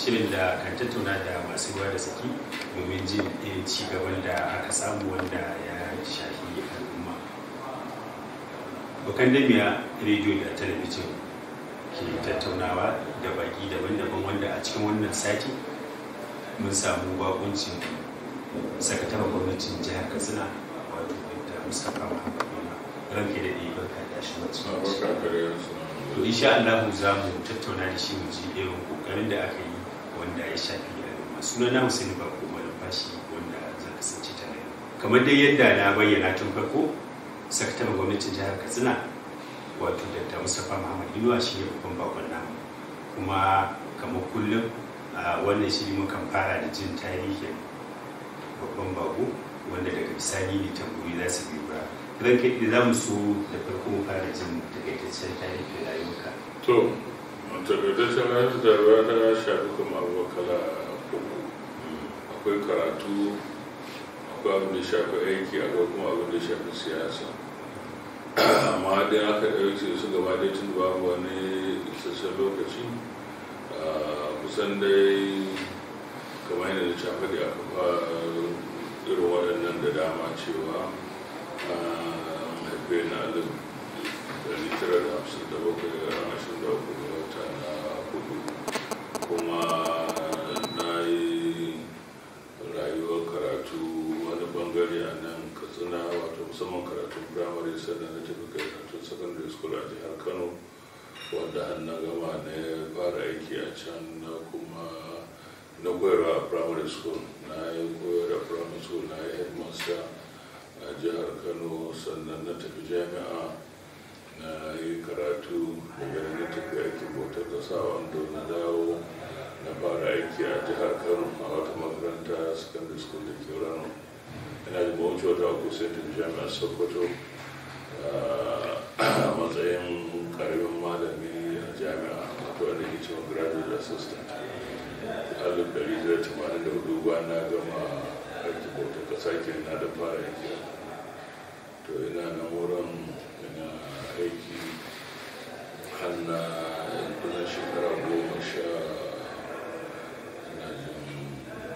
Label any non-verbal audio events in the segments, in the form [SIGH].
shirin da kan tattauna da masu ruwa da saki domin jin irin ci gaban da aka samu wanda ya shafi al'umma bukan damiya rediyo da talabijin ke tattaunawa da baki daban-daban wanda a cikin wannan sati mun samu bakuncin sakataren gwamnatin jihar katsina wato da mustapha muhammad ranke da ɗiban kadashi wasu to insha Allah za mu tattauna da shi mu ji irin kokarin da aka yi wanda ya shafi al'umma suna na musulmi ba ko malumfashi wanda za zan kasance tare kamar dai yadda na bayyana tun farko sakataren gwamnatin jihar katsina wato da mustapha muhammad inuwa shi ne babban bakon namu kuma kamar kullum a wannan shi mukan fara da jin tarihin babban bako wanda daga bisani ne tamburi za su biyu ba ranke da za mu so da farko mu fara jin takaitaccen tarihin rayuwarka to takaitaccen da jarabawa ta shafi kuma abubuwa kala uku akwai karatu akwai abin da shafi aiki akwai kuma abin da shafi siyasa amma dai aka ɗauke su gaba dai tun babu wani isasshen lokaci kusan dai kamar yadda da shafi da aka fara irin waɗannan da dama cewa haife na alif da litar da hamsin da bakwai da hamsin da uku wanda har na gama ne fara aiki a can na kuma na koyarwa a primary school na yi koyar a primary school na yi headmaster a jihar kano sannan na tafi jami'a na yi karatu daga na tafi aiki bautar kasa wando na dawo na fara aiki a jihar kano a wata makaranta secondary school da ke rano ina da mawuce wata kusa jami'a sokoto a matsayin karamin malami a jami'a akwai wanda ke cewa graduate assistant alif dari zai tumanin da hudu na gama aiki bautar kasa ke na da fara yanki to ina na wurin ina aiki har na yankunan shekara goma sha na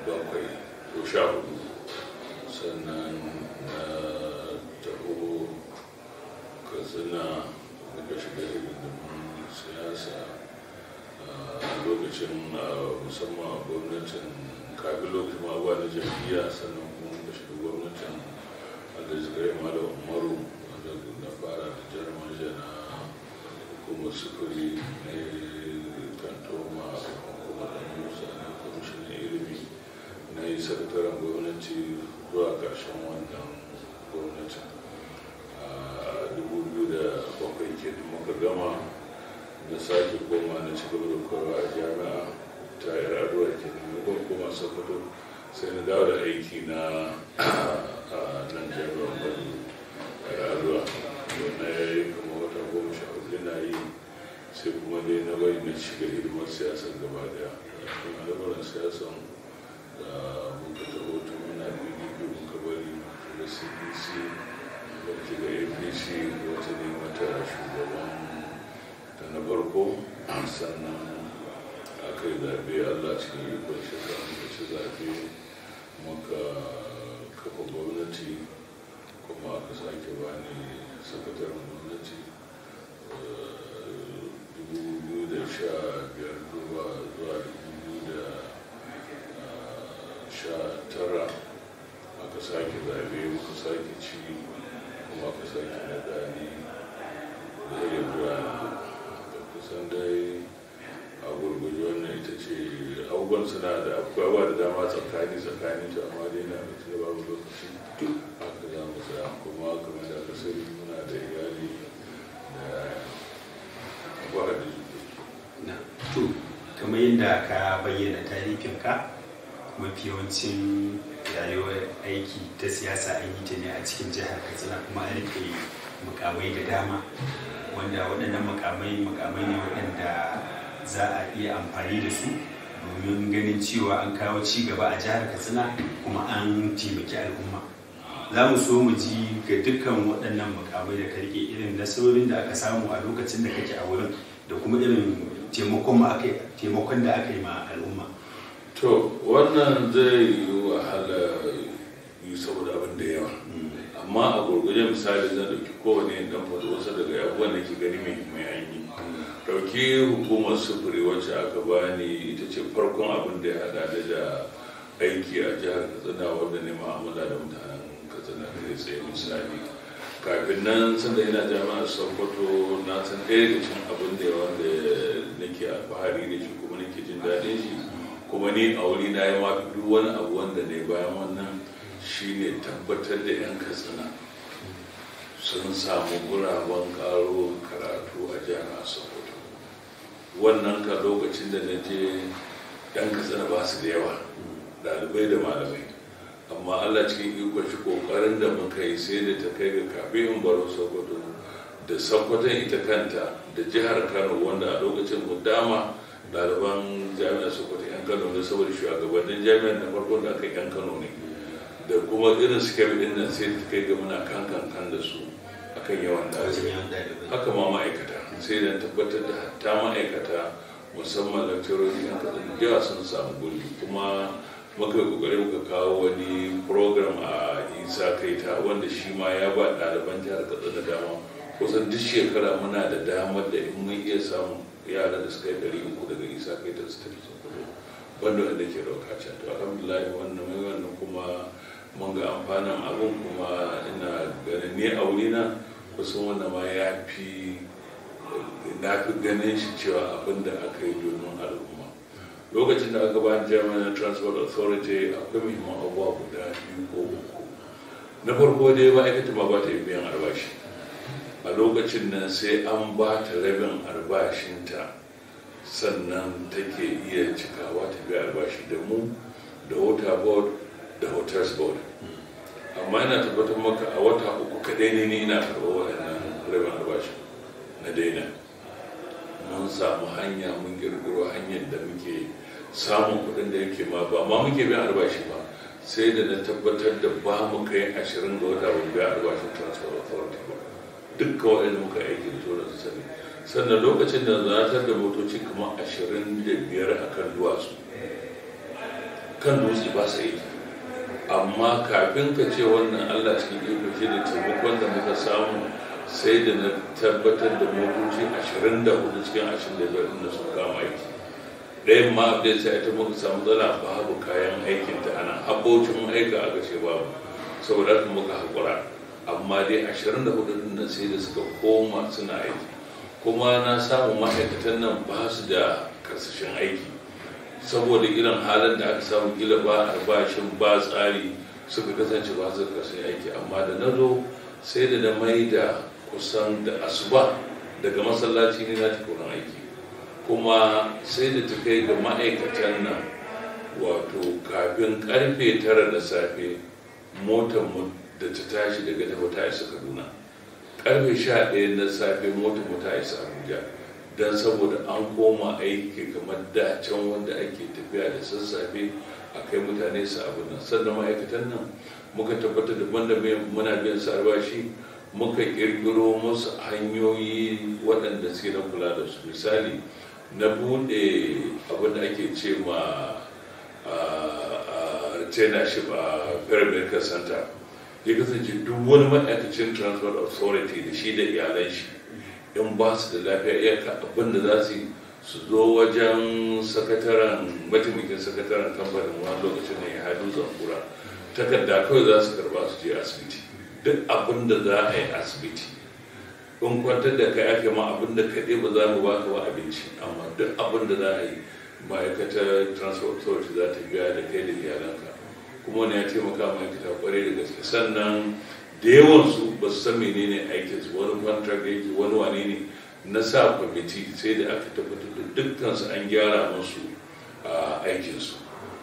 bakwai ko sha hudu sannan na taho katsina muka shiga rundumin siyasa a lokacin musamman gwamnatin kafin lokacin mabuwa na jam'iyya sannan kuma muka shiga gwamnatin alhaji karima da maru wanda na fara da jarmaja na kuma sufuri na kantoma hukumar da musa na kwamishin ilimi na yi sakataren gwamnati zuwa ƙarshen wannan gwamnatin bakwai ke muka gama na sake koma na ci gaba a jami'a ta iraduwa ke na kwan koma sokoto sai na dawo da aiki na nan jami'a bari iraduwa na ya yi kuma wata goma sha hudu na yi sai kuma dai na bari na shiga hidimar siyasar gaba daya kuma al'amuran siyasan da muka taho tun muna bidiyo muka bari da cdc ɗauki da apc wata ne mata shugaban ta na farko sannan aka yi zaɓe allah cikin ikon shekara muka zaɓe maka kafa gwamnati kuma aka sake bani sakataren gwamnati dubu da sha biyar zuwa zuwa dubu da sha tara aka sake zaɓe muka sake ci kuma kusan na gani da irin da kusan a gurguje wannan ita ce abubuwan suna da abubuwa da dama tsakani tsakani to amma dai mutu kuma da aka sani da iyali da kamar yadda ka bayyana tarihinka mafi yawancin rayuwar aiki ta siyasa an yi ta ne a cikin jihar katsina kuma an rike mukamai da dama wanda waɗannan mukamai mukamai ne waɗanda za a iya amfani da su domin ganin cewa an kawo ci gaba a jihar katsina kuma an taimaki al'umma za mu so mu ji ga dukkan waɗannan mukamai da karke irin nasarorin da aka samu a lokacin da kake a wurin da kuma irin taimakon da aka yi ma al'umma to wannan zai yi wahala yi saboda abin da yawa amma a gurguje misali zan dauki kowane dan faɗi wasu daga abubuwan da ke gani mai mai ainihi dauki hukumar sufuri wacce aka bani ita ce farkon abin da ya hada da aiki a jihar katsina wanda ne ma'amala da mutanen katsina ya tsaye misali kafin nan sanda ina jama'ar sokoto na san ɗaya da cin abin da yawa da nake alfahari da shi kuma nake jin daɗin shi kuma ni a wuri na yi mafi duk wani abu wanda ne bayan wannan shine tabbatar da 'yan katsina sun samu guraben karo karatu a jami'a sokoto wannan ka lokacin da na je 'yan katsina ba su da yawa ɗalibai da malamai amma allah cikin ikon shi kokarin da muka yi sai da ta kai ga kafin baro sokoto da sokoton ita kanta da jihar kano wanda a lokacin mu dama ɗaliban jami'ar sokoto yan kano ne saboda shugabannin jami'ar na farko da aka yan kano ne da kuma irin sikari din nan sai ta kai ga muna kan kan da su akan yawan ɗalibai haka ma ma'aikata sai da tabbatar da hatta ma'aikata musamman lakcurori yan da yawa sun samu guri kuma muka yi kokari muka kawo wani program a isa kaita wanda shi ma ya ba ɗaliban jihar katsina dama kusan duk shekara muna da damar da in mun iya samun yara da suka yi ɗari uku daga isa kai ta tafi sun banda wanda ke rauka ce to alhamdulillah wannan mai wannan kuma mun ga amfanin abin kuma ina ganin ne a na. kusan wannan ma ya fi na fi ganin shi cewa abin da aka yi domin al'umma lokacin da aka ba german transport authority akwai muhimman abubuwa guda biyu ko uku na farko dai ma'aikata ma ba ta yi biyan albashi a lokacin nan sai an ba ta rabin albashinta sannan take iya cikawa ta biya albashi da mu da water board da hotels board amma yana tabbatar maka a wata uku kadai ne ni ina karɓar waɗannan rabin albashi na daina mun samu hanya mun girgiro hanyar da muke samun kuɗin da yake ma ba ma muke biyan albashi ba sai da na tabbatar da ba mu kai ashirin ga wata ban biya albashin transfer authority ba dukkan waɗanda muka aiki da tura su sani sannan lokacin da a da motoci kamar ashirin da biyar a kan duwatsu kan dutse ba sa yi amma kafin ka ce wannan allah ne iko shi da taimakon da muka samu sai da na tabbatar da motoci ashirin da hudu cikin ashirin da biyar da sun kama aiki ɗayan ma abin sai ta muka samu zana babu kayan aikinta ta ana abocin aika aka ce babu saboda muka haƙura amma dai ashirin hudu din nan sai da suka koma suna aiki kuma na samu ma'aikatan nan ba su da karsashen aiki saboda irin halin da aka samu gila ba albashin ba tsari suka kasance ba su karsashin aiki amma da na zo sai da na mai da kusan da asuba daga masallaci ne na tafi aiki kuma sai da ta kai ga ma'aikatan nan wato kafin karfe tara da safe motar mu da ta tashi daga tafa ta isa kaduna karfe sha ɗaya na safe mota mu isa abuja don saboda an koma aiki kamar da can wanda ake tafiya da sassafe a kai mutane su abu nan sannan ma'aikatan nan muka tabbatar da banda muna biyan su albashi muka kirkiro musu hanyoyi waɗanda suke na kula da su misali na buɗe abin da ake ce ma ah, ah, a shi a center ya kasance duk wani ma'aikacin transport authority da shi da iyalan shi in ba su da lafiya iyaka abin da za su su zo wajen sakataren mataimakin sakataren kamfanin wani lokacin da ya hadu zankura takarda kawai za su karba su je asibiti duk abin da za a yi asibiti in kwantar da kai ake ma abin da kaɗai ba za mu baka ba abinci amma duk abin da za a yi ma'aikatar transport authority za ta biya da kai da iyalanka kuma wani ya taimaka mai aikata kwarai da gaske sannan da yawansu ba su san menene aikinsu wani contract yake wani wane ne na sa kwamiti sai da aka tabbatar da dukkansu an gyara masu musu aikinsu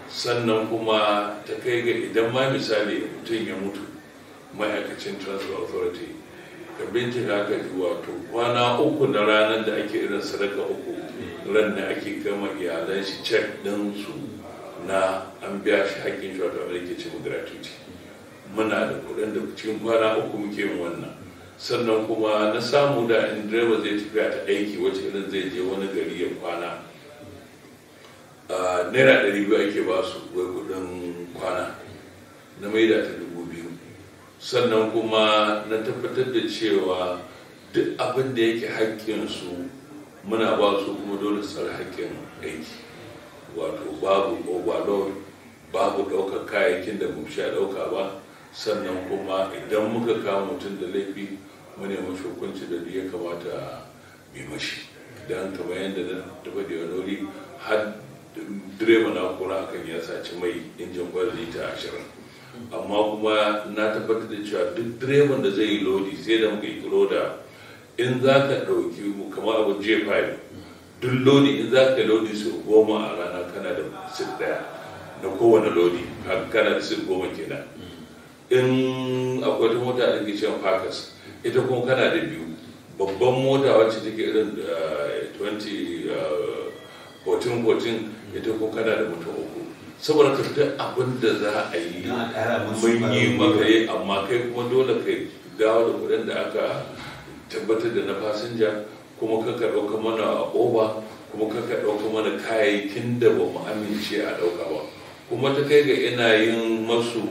sannan kuma ta kai ga idan ma misali mutum ya mutu ma'aikacin transfer authority ka bincika ka ji wato kwana uku na ranar da ake irin sadaka uku ran da ake gama iyalan shi cek ɗin su na an biya shi haƙƙin shi wato ake ce muna da kuɗin da cikin kwana uku muke yin wannan sannan kuma na samu da in direba zai tafiya ta aiki wacce irin zai je wani gari ya kwana naira ɗari biyu ake ba su wai kuɗin kwana na maida ta dubu biyu sannan kuma na tabbatar da cewa duk abin da yake haƙƙinsu muna ba su kuma dole su haƙƙin aiki wato babu overload babu ɗaukar kayayyakin da mu sha ɗauka ba sannan kuma idan muka kama mutum da laifi mu ne hukunci da ya kamata mai mashi don kamar yadda na taɓa da wani har direba na kura akan ya saci mai injin gwada lita ashirin amma kuma na tabbatar da cewa duk direban da zai yi lodi sai da muka yi da in za ka ɗauki kamar abu j5 duk lodi in za ka lodi su goma a rana kana da sir daya na kowane lodi kana da sir goma kenan in akwai ta mota da ke shan fakas ita kuma kana da biyu babban mota wacce take irin 2014 eh, eh, ita kuma kana da mutum uku saboda ka duk abin da za a yi mun yi maka yi amma kai kuma dole kai dawo da kudin da aka tabbatar da na fasinja kuma ka karɓi mana ƙoba kuma kaka ɗauka mana kayayyakin da ba mu amince a ɗauka ba kuma ta kai ga ina yin masu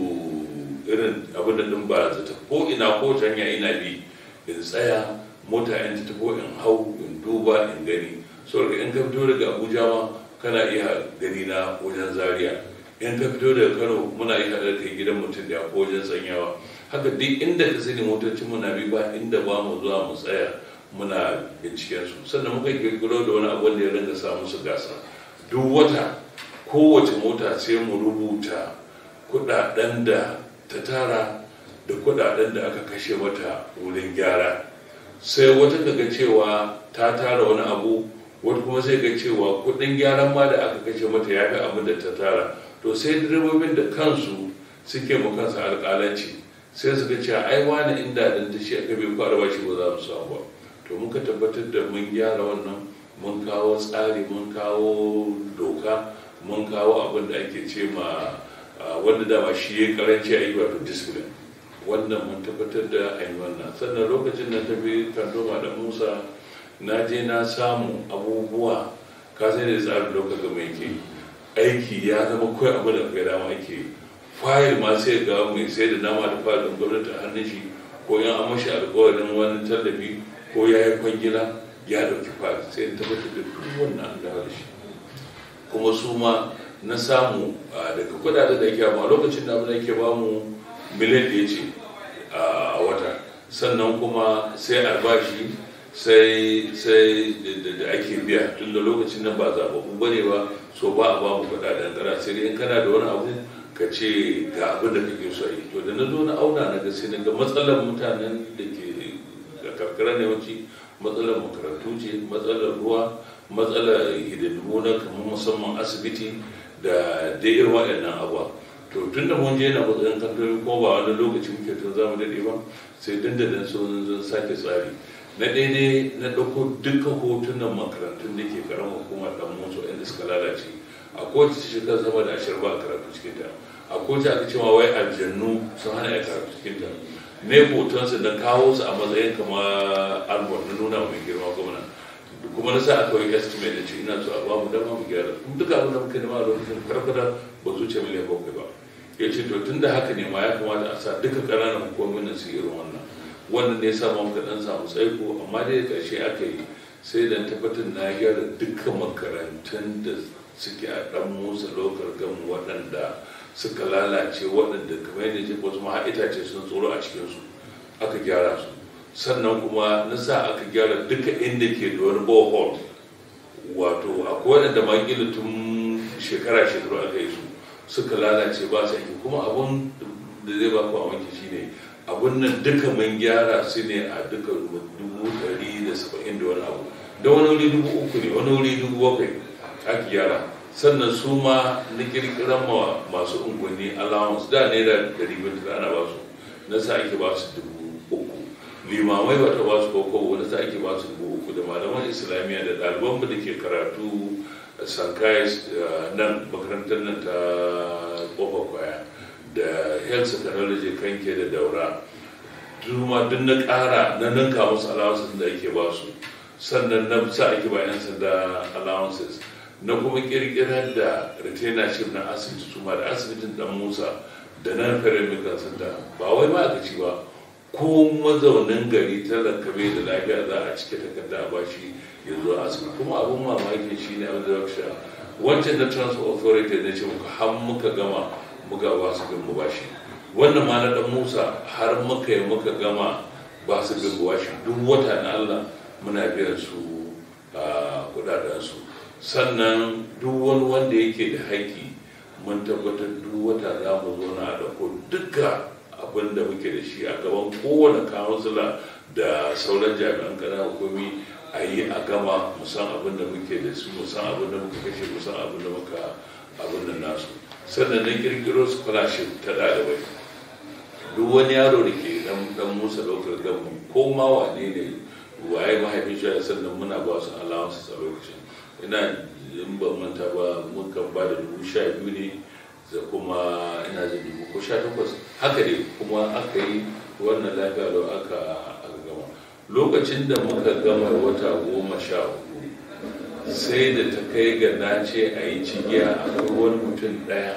irin abin da ɗin ta, ko ina ko canya ina bi in tsaya mota in ta ko in hau in duba in gani saboda in ka fito daga abuja ma kana iya gani na wajen zaria in ka fito daga kano muna iya da kai gidan mutum da ko wajen sanyawa haka duk inda ka sani motocin mu na bi ba inda ba mu zuwa mu tsaya muna binciken su sannan muka girgiro da wani abu da ya rinka sa musu gasa duk wata kowace mota sai mu rubuta kudaden da ta tara da kudaden da aka kashe mata wurin gyara sai wata daga cewa ta tara wani abu wata kuma sai ga cewa kudin gyaran ma da aka kashe mata ya fi abin da ta tara to sai direbobin da kansu suke mu kansu alƙalanci sai su suka cewa ai wani inda dan ta shi aka bi ku shi ba za mu samu ba to muka tabbatar da mun gyara wannan mun kawo tsari mun kawo doka mun kawo abin da ake ce ma wanda dama shi ya karanci a yi wato discipline wannan mun tabbatar da a yi wannan sannan lokacin na tafi kandoma da musa na je na samu abubuwa ka sai da tsarin lokacin mai ke aiki ya zama kai abu da kai dama ake fayil ma sai ga mai sai da nama da fayil gwamnati a hannun shi ko yan amashi alkawarin wani tallafi ko ya yi kwangila ya dauki fari sai in tabbatar da duk wannan shi kuma su ma na samu daga kudaden da ake amma lokacin da abin da ake bamu miliyan da ya ce a wata sannan kuma sai albashi sai sai da ake biya tun da lokacin nan ba zababu ba ne ba so ba a bamu kudaden tsara sai dai in kana da wani abu ka ce ga abin da kake so yi to da na zo na auna na ga sai na ga matsalar mutanen da ke karkara yawanci matsalar makarantu ce matsalar ruwa matsalar hididdimu na kamar musamman asibiti da dai irin waɗannan abuwa to tun da mun je na matsayin kantori ko ba wani lokaci muke tun zamu daɗe ba sai sunan sun sake tsari na daidai na dauko dukkan hotunan makarantun da ke karan hukumar ɗan motsa inda suka lalace a kowace shekar sama da ashirin ba a karatu cikin ta a kowace aka cewa wai aljannu sun hana ya karatu cikin ta ne hotonsa don kawo su a matsayin kama albon na nuna mai girma gwamna kuma na sa aka yi estimate da ce ina so a ba mu dama mu gyara kuma duka abin da muka nema a lokacin karkata ba zuce miliyan bakwai ba ya ce to tun da haka ne ma ya kamata a sa duka ƙananan hukumomin nan su yi irin wannan wannan ne ya sa ma muka dan samu tsaiko amma dai ƙarshe aka yi sai dan tabbatar na gyara duka makarantun da suke a ɗan musa lokar gamu waɗanda suka lalace waɗanda kamar yadda ce wasu ma itace sun tsoro a cikinsu aka gyara su sannan kuma na sa aka gyara duka inda ke da wani bohol wato akwai waɗanda ma tun shekara shekaru aka yi su suka lalace ba sa yi. kuma abun da zai ba ku a shi ne abun nan duka mun gyara su ne a duka dubu ɗari da saba'in da wani abu da wani wuri dubu uku ne wani wuri dubu bakwai ake gyara sannan su ma na kirkiran ma masu unguwanni allowance da ne da gari biyu ana ba su na sa ake ba su dubu uku limamai wata ba su koko na sa ake ba su dubu uku da malaman islamiyya da ɗaliban mu da ke karatu sankais nan makarantar nan ta kofa kwaya da health technology kanke da daura duma duk na ƙara na ninka musu allowances da ake ba su sannan na sa ake ba 'yan sanda allowances na kuma kirkirar da retainership na asibiti su ma da asibitin dan musa da nan fere mai kasanta, ba wai ci ba ko mazaunin gari ta zankabe da lafiya za a cike takarda a bashi ya zo asibiti kuma abin mamakin shi ne abin da sha wancan na transfer authority na ce muka har muka gama muka ba su bin mu bashi wannan ma na dan musa har muka yi muka gama ba su bin mu bashi duk wata na allah muna biyan su ah, kudaden su sannan duk wani wanda yake da haƙƙi mun tabbatar duk wata za mu zauna da duka abin da muke da shi a gaban kowane kansula da sauran jami'an ƙananan hukumi a yi a gama musan abin da muke da su musan abin da muka kashe musan abin da muka abin da nasu sannan na kirkiro scholarship ta ɗalibai duk wani yaro da ke dan musa ɗaukar gamu ko ma wane ne waye mahaifin shi sannan muna ba su alawansu a lokacin ina in ban manta ba kan ba da dubu sha biyu ne da kuma ina jin dubu ko sha takwas haka ne kuma aka yi wannan lafiya lau aka gama lokacin da muka gama wata goma sha hudu sai da ta kai ga na ce a yi cigiya a wani mutum ɗaya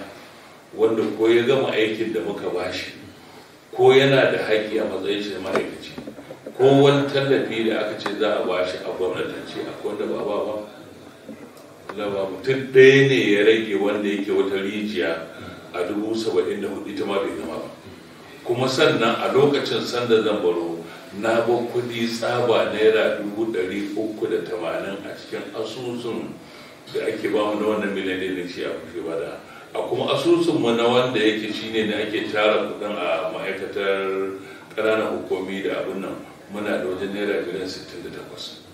wanda ko ya gama aikin da muka bashi ko yana da haƙƙi a matsayin shi ma'aikaci ko wani tallafi da aka ce za a bashi a gwamnatance akwai wanda ba ba ba zama mutum ɗaya ne ya rage wanda yake wata rijiya a dubu saba'in da hudu ita ma bai gama ba kuma sannan a lokacin sanda zan baro na ba kuɗi tsaba naira dubu ɗari uku da tamanin a cikin asusun da ake ba mu na wannan miliyan da shi a kuke ba da a kuma asusun mu na wanda yake shine da ake tara kuɗin a ma'aikatar ƙananan hukumi da abin nan muna da wajen naira miliyan sittin da takwas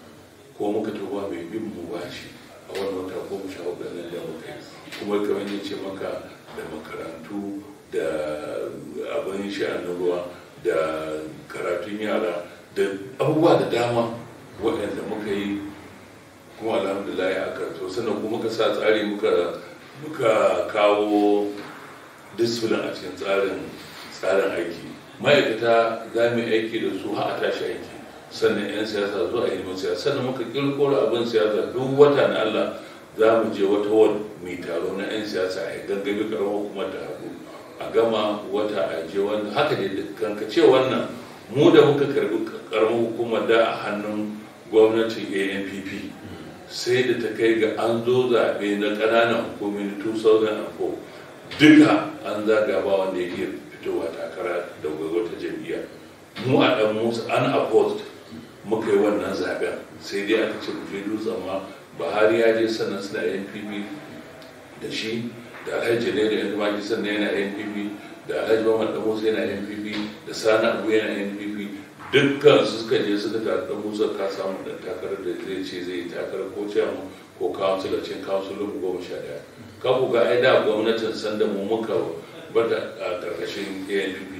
ko muka tuba mai bin mu bashi a wannan wata goma sha hudu nan da kuma kamar ya ce maka da makarantu da abin sha'anin ruwa da karatun yara da abubuwa da dama waɗanda muka yi kuma alhamdulillah a karto sannan kuma ka sa tsari muka kawo disfilin a cikin tsarin tsarin aiki ma'aikata za mu aiki da su har a tashi aiki sannan 'yan siyasa zuwa ilimin siyasa sannan muka kirkoro abin siyasa duk wata na allah za mu je wata wani mai taro na 'yan siyasa a gangami karo kuma da hagu a gama wata a je wanda haka ne kanka ce wannan mu da muka karbi karamar hukumar da a hannun gwamnati anpp sai da ta kai ga an zo zaɓe na ƙananan hukumin 2004 duka an zaga ba wanda yake fitowa takara da wata jam'iyya mu a ɗan musu an opposed muka yi wannan zaben sai dai aka ce je dutse amma buhari ya je sannan suna npp da shi da alhaji ne da yan maki sannan yana npp da alhaji mamman dan musa yana npp da sani abu yana npp dukkan su suka je suka ta dan musa ka samu da takarar da zai ce zai yi takarar ko mu ko kawunsila cin kawunsilin goma sha daya ka ku ga ai da gwamnatin sanda mu muka bata a karkashin anpp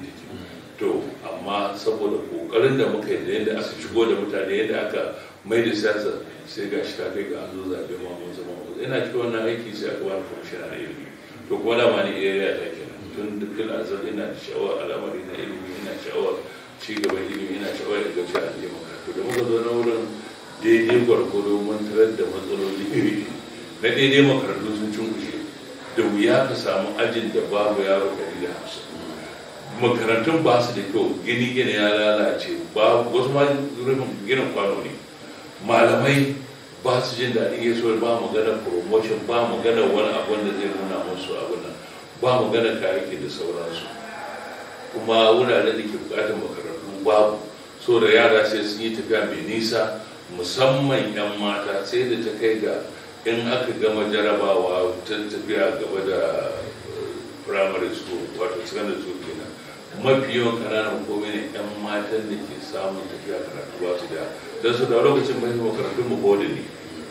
to amma saboda kokarin da muka yi da yadda aka shigo da mutane yadda aka mai da siyasa sai ga shi ta ga an zo zaɓe ma mun zama ina cikin wannan aiki sai aka bani kwamishina na ilimi to kuma da ma ni area da kenan tun dukkan azal ina da sha'awar al'amari na ilimi ina sha'awar ci gaban ilimi ina sha'awar da gaci a jima to da muka zo na wurin daidai gwargwado mun tarar da matsaloli iri na daidai makarantu sun cunkushe da wuya ka samu ajin da babu yaro ɗari da hamsin makarantun ba su da kyau gini gini ya lalace ba wasu ma rufin gina kwano ne malamai ba su jin daɗi ya so ba mu gana promotion ba mu gana wani abun da zai nuna musu abun nan ba mu gana kayayyaki da sauransu kuma wuraren da ke bukatar makarantu babu so da yara sai sun yi tafiya mai nisa musamman 'yan mata sai da ta kai ga in aka gama jarabawa ta tafiya gaba da eh, primary school wato secondary school mafi yawan kananan komai ne yan matan da ke samun tafiya karatu ba su da don su da lokacin mafi makarantun mu bode ne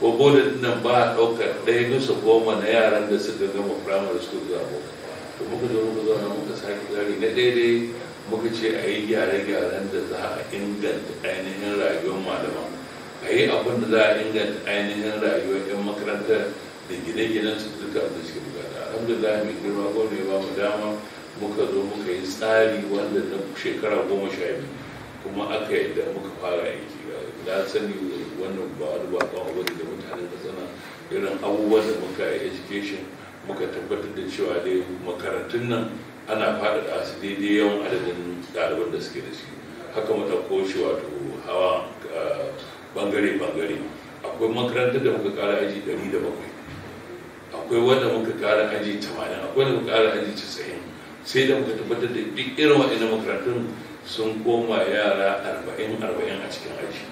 ko bode nan ba a ɗaukar ɗaya nusa goma na yaran da suka gama firamare school zuwa boko to muka zo muka zo na muka sake tsari na daidai muka ce a yi gyare-gyaren da za a inganta ainihin rayuwar malama. a yi abin da za a inganta ainihin rayuwar 'yan makarantar da gine-ginen su duka da suke bukata alhamdulillah mai girma ne ba mu dama muka zo muka yi tsari wanda na shekara goma sha biyu kuma aka yadda muka fara aiki da sani wannan ba wani ba kawo wani da mutanen da sana irin abubuwan da muka yi education muka tabbatar da cewa dai makarantun nan ana da su daidai yawan adadin ɗaliban da suke da shi haka mu ɗauko shi wato hawa bangare-bangare akwai makarantar da muka ƙara aji ɗari da bakwai akwai wanda muka ƙara aji tamanin akwai wanda muka ƙara aji casa'in sai da muka tabbatar da duk irin waɗannan makarantun sun koma yara arba'in arba'in a cikin aji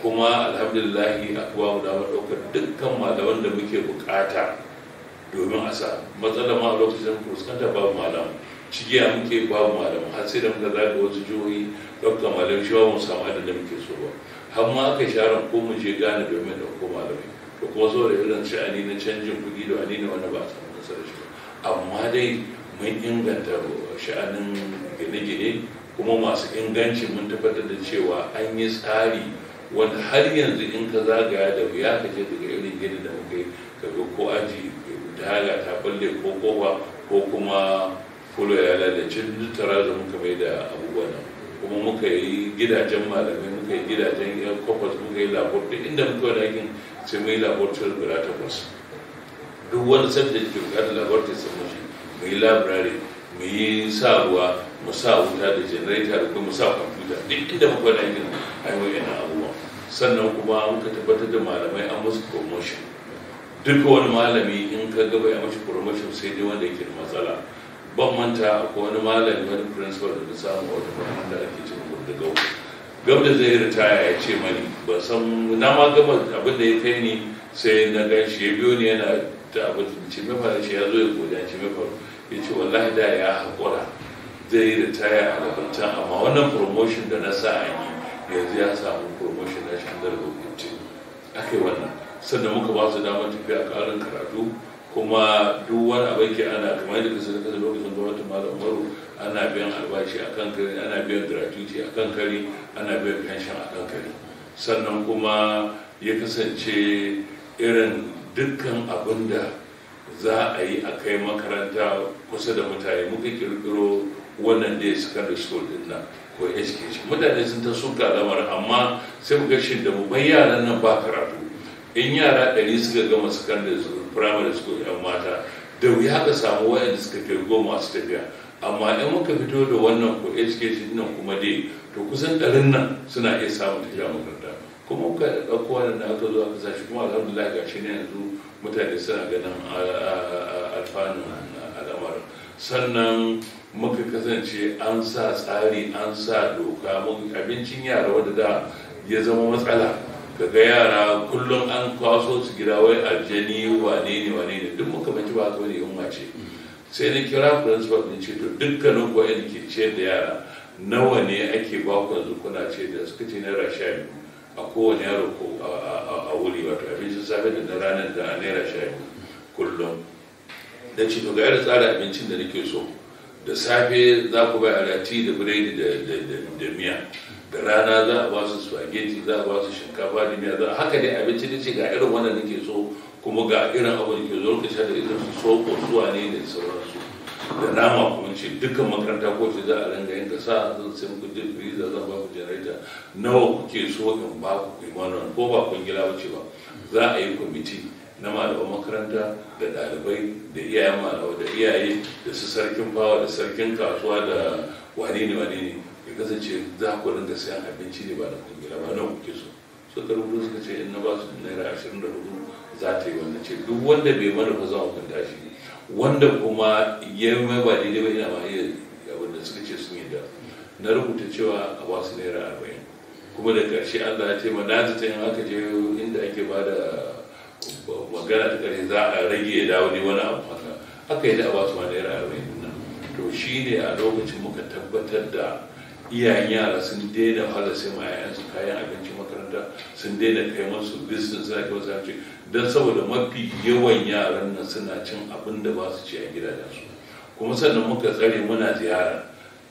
kuma alhamdulillahi a kuwa mu damar ɗaukar dukkan malaman da muke buƙata domin a sa matsala ma a lokacin fuskanta babu malam cigiya muke babu malam har sai da muka zaga wasu jihohi ɗaukar malam shi ba mu samu da muke so ba har ma aka sharan ko mu je gane domin da ko malami. To kuma saboda irin sha'ani na canjin kuɗi da wani ne wanda ba a samu nasarar shi ba. amma dai mun inganta sha'anin gine-gine kuma masu inganci mun tabbatar da cewa an yi tsari wanda har yanzu in ka zagaya da wuya ka je daga irin gini da muka yi kaga ko aji daga ta balle ko kowa ko kuma fulo ya lalace duk tara da muka mai da abubuwan nan kuma muka yi gidajen malamai muka yi gidajen yan kwakwas muka yi labor inda muka wani aikin sai mai labor guda takwas duk wani da ke bukatar labor ta mashi mu yi labirari mu yi sa ruwa mu sa wuta da janareta da kuma sa kwamfuta duk inda muka wani aikin a na abubuwa sannan kuma muka tabbatar da malamai an musu promotion duk wani malami in ka gaba ya mashi promotion sai dai wanda yake da matsala ban manta ko wani malami wani principal da samu wata kwanan da ake cin da gau gab da zai ritaya ya ce mani ba san na ma gaba abin da ya kai ni sai na gan shi ya biyo ni yana ta abin ce mai fara shi ya zo ya gode, ce mai ya ce wallahi da ya hakura zai yi taya a albarta amma wannan promotion da na sa an yanzu ya samu promotion na shi da rubutu ake wannan sannan muka ba su damar tafiya ƙarin karatu kuma duk wani abin ke ana kamar yadda kasa kasa lokacin gwamnatin malam umaru ana biyan albashi a kan kare ana biyan gratuity a kan kare ana biyan pension a kan kare sannan kuma ya kasance irin dukkan abin da za a yi a kai makaranta kusa da mutane muka kirkiro wannan dai da school din nan ko education mutane sun ta suka lamar, amma sai muka shi da mu bai yaran nan ba karatu in yara ɗari suka gama secondary school primary school yan mata da wuya ka samu wayanda suka kai goma su tafiya amma in muka fito da wannan ko education nan kuma dai to kusan ɗarin nan suna iya samun tafiya makaranta kuma ka ɗauko wannan da aka zo aka sashi kuma alhamdulillah ga shi ne yanzu mutane suna ganin alfanun al'amarin sannan muka kasance an sa tsari an sa doka abincin yara wadda da ya zama matsala kaga yara kullum an kwaso su gida wai aljani wane ne wane ne duk muka mace ba haka wani yunwa ce sai na kira principal din ce to dukkanin ko ke ce da yara nawa ne ake ba ku ce da suka ce naira sha biyu a kowane yaro ko a wuri wato abincin safe da na ranar da naira sha kullum da ce to ga yadda tsara abincin da nake so da safe za ku bai alati da biredi da miya da rana za a ba su spaghetti za a ba su shinkafa da miya za haka ne abinci da ce ga irin wannan nake so kuma ga irin abu da ke zo lokacin da ita su ko zuwa ne da sauransu da nama kuma ce dukkan makaranta ko ce za a ranga yin kasa zan sai muku duk visa zan ba ku janareta nawa kuke so in ba ku imanon ko ba kun gila wuce ba za a yi kwamiti na malaman makaranta da ɗalibai da iyayen malamai da iyaye da su sarkin fawa da sarkin kasuwa da wane ne wane ne ya kasance za ku ringa sayan abinci ne ba da kun gila ba nawa kuke so suka rubuta suka ce in na ba su naira ashirin da hudu za ta yi wannan ce duk wanda bai mana ba za mu kunta wanda kuma ya mai ba daidai ba ina ma iya abinda suka ce sun yi da, na rubuta cewa a ba su naira arba'in kuma da ƙarshe allah ya ce ma na zata yin aka je inda ake ba da magana ta ƙarshe za a rage ya dawo ne wani abu haka aka yi da a ba su ma naira arba'in nan to shi ne a lokacin muka tabbatar da iyayen yara sun daina fara sai ma 'ya'yansu kayan abinci makaranta sun daina kai masu bisnin suna kai masu don saboda mafi yawan yaran nan suna cin abin da ba su ci a gidajen su kuma sannan muka tsare muna ziyara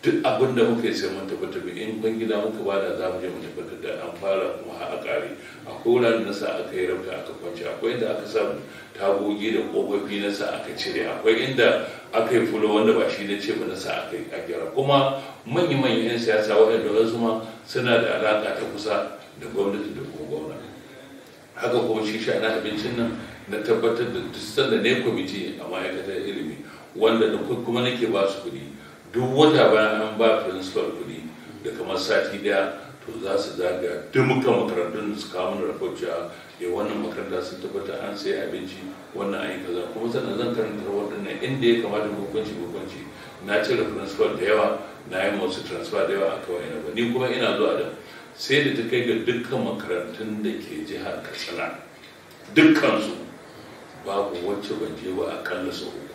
duk abin da muka yi sai mun tabbatar in kun gida muka ba da zamu je mu tabbatar da an fara kuma a kare akwai wuraren na sa aka yi rabta aka kwance akwai inda aka samu tagogi da kofofi na sa aka cire akwai inda aka yi fulo wanda ba shi na ce ba na sa aka yi a gyara kuma manya-manyan 'yan siyasa waɗanda wasu ma suna da alaƙa ta kusa da gwamnati da kuma gwamna haka kuma shi na abincin nan na tabbatar da duk sanda ne kwamiti a ma'aikatar ilimi wanda da kuma nake ba su kuɗi duk wata bayan an ba principal kuɗi da kamar sati daya to za su zaga duka makarantun da su kawo mana rahotowa ya eh, wannan makaranta sun tabbata an sai abinci wannan an kaza kuma sannan zan karanta waɗannan inda ya kamata hukunci hukunci na cire principal da yawa na yi masu transfer da yawa a kawai na ba ni kuma ina zuwa da sai da ta kai ga dukkan makarantun da ke jihar katsina dukkansu babu wacce ban je ba akalla sau uku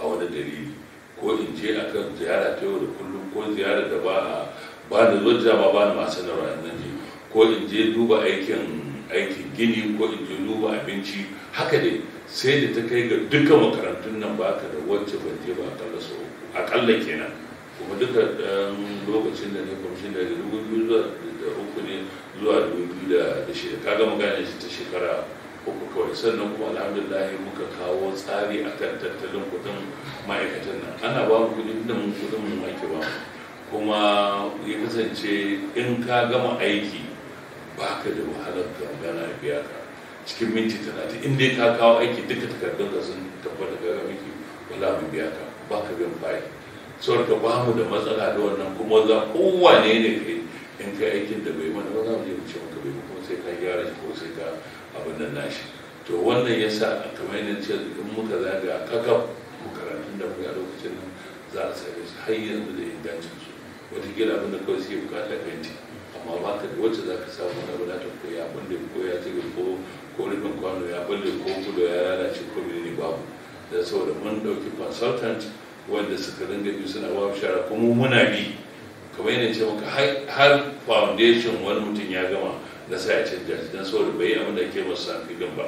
a wani dalili ko in je a kan ziyara ta yau da kullum ko ziyara da ba a ba da zuwa ma ba da masu na nan je ko in je duba aikin aikin gini ko in je duba abinci haka dai sai da ta kai ga dukkan makarantun nan ba ka da wacce ban je ba akalla sau uku akalla kenan kuma duka um, lokacin da ne kwamishin da dubu biyu zuwa da uku ne zuwa dubu biyu da shida gama gane shi ta shekara uku kawai sannan kuma alhamdulillah muka kawo tsari kan tattalin kudin ma'aikatan nan ana ba mu kudin mun kudin mun ake ba kuma ya kasance in ka gama aiki baka da wahalar gangana a biya ka cikin minti talatin in dai ka kawo aiki duka takardun ka sun tabbata ga miki wala mu biya ka baka bin bayi sau ka ba mu da matsala da wannan kuma za kowane ne kai in ka aikin da bai mana ba za mu je mu ce maka bai ko sai ka gyara shi ko sai ka abin nan nashi to wannan ya sa a kamar yadda ce in muka zaga kakaf makarantun da muka a lokacin nan za a sai su har yanzu da ingancin su watakila abin da kawai suke bukata fenti amma ba ka da wacce za ka samu wani abu ta ko ya bulle ko ya tsaye ko ko rufin kwano ya bulle ko gudu ya lalace ko mene ne babu da saboda mun ɗauki consultant wanda suka dinga bi suna ba shara kuma muna bi kamar yana ce maka har foundation wani mutum ya gama na sa ya canja shi don saboda bai abin da ke masu sanfi gan ba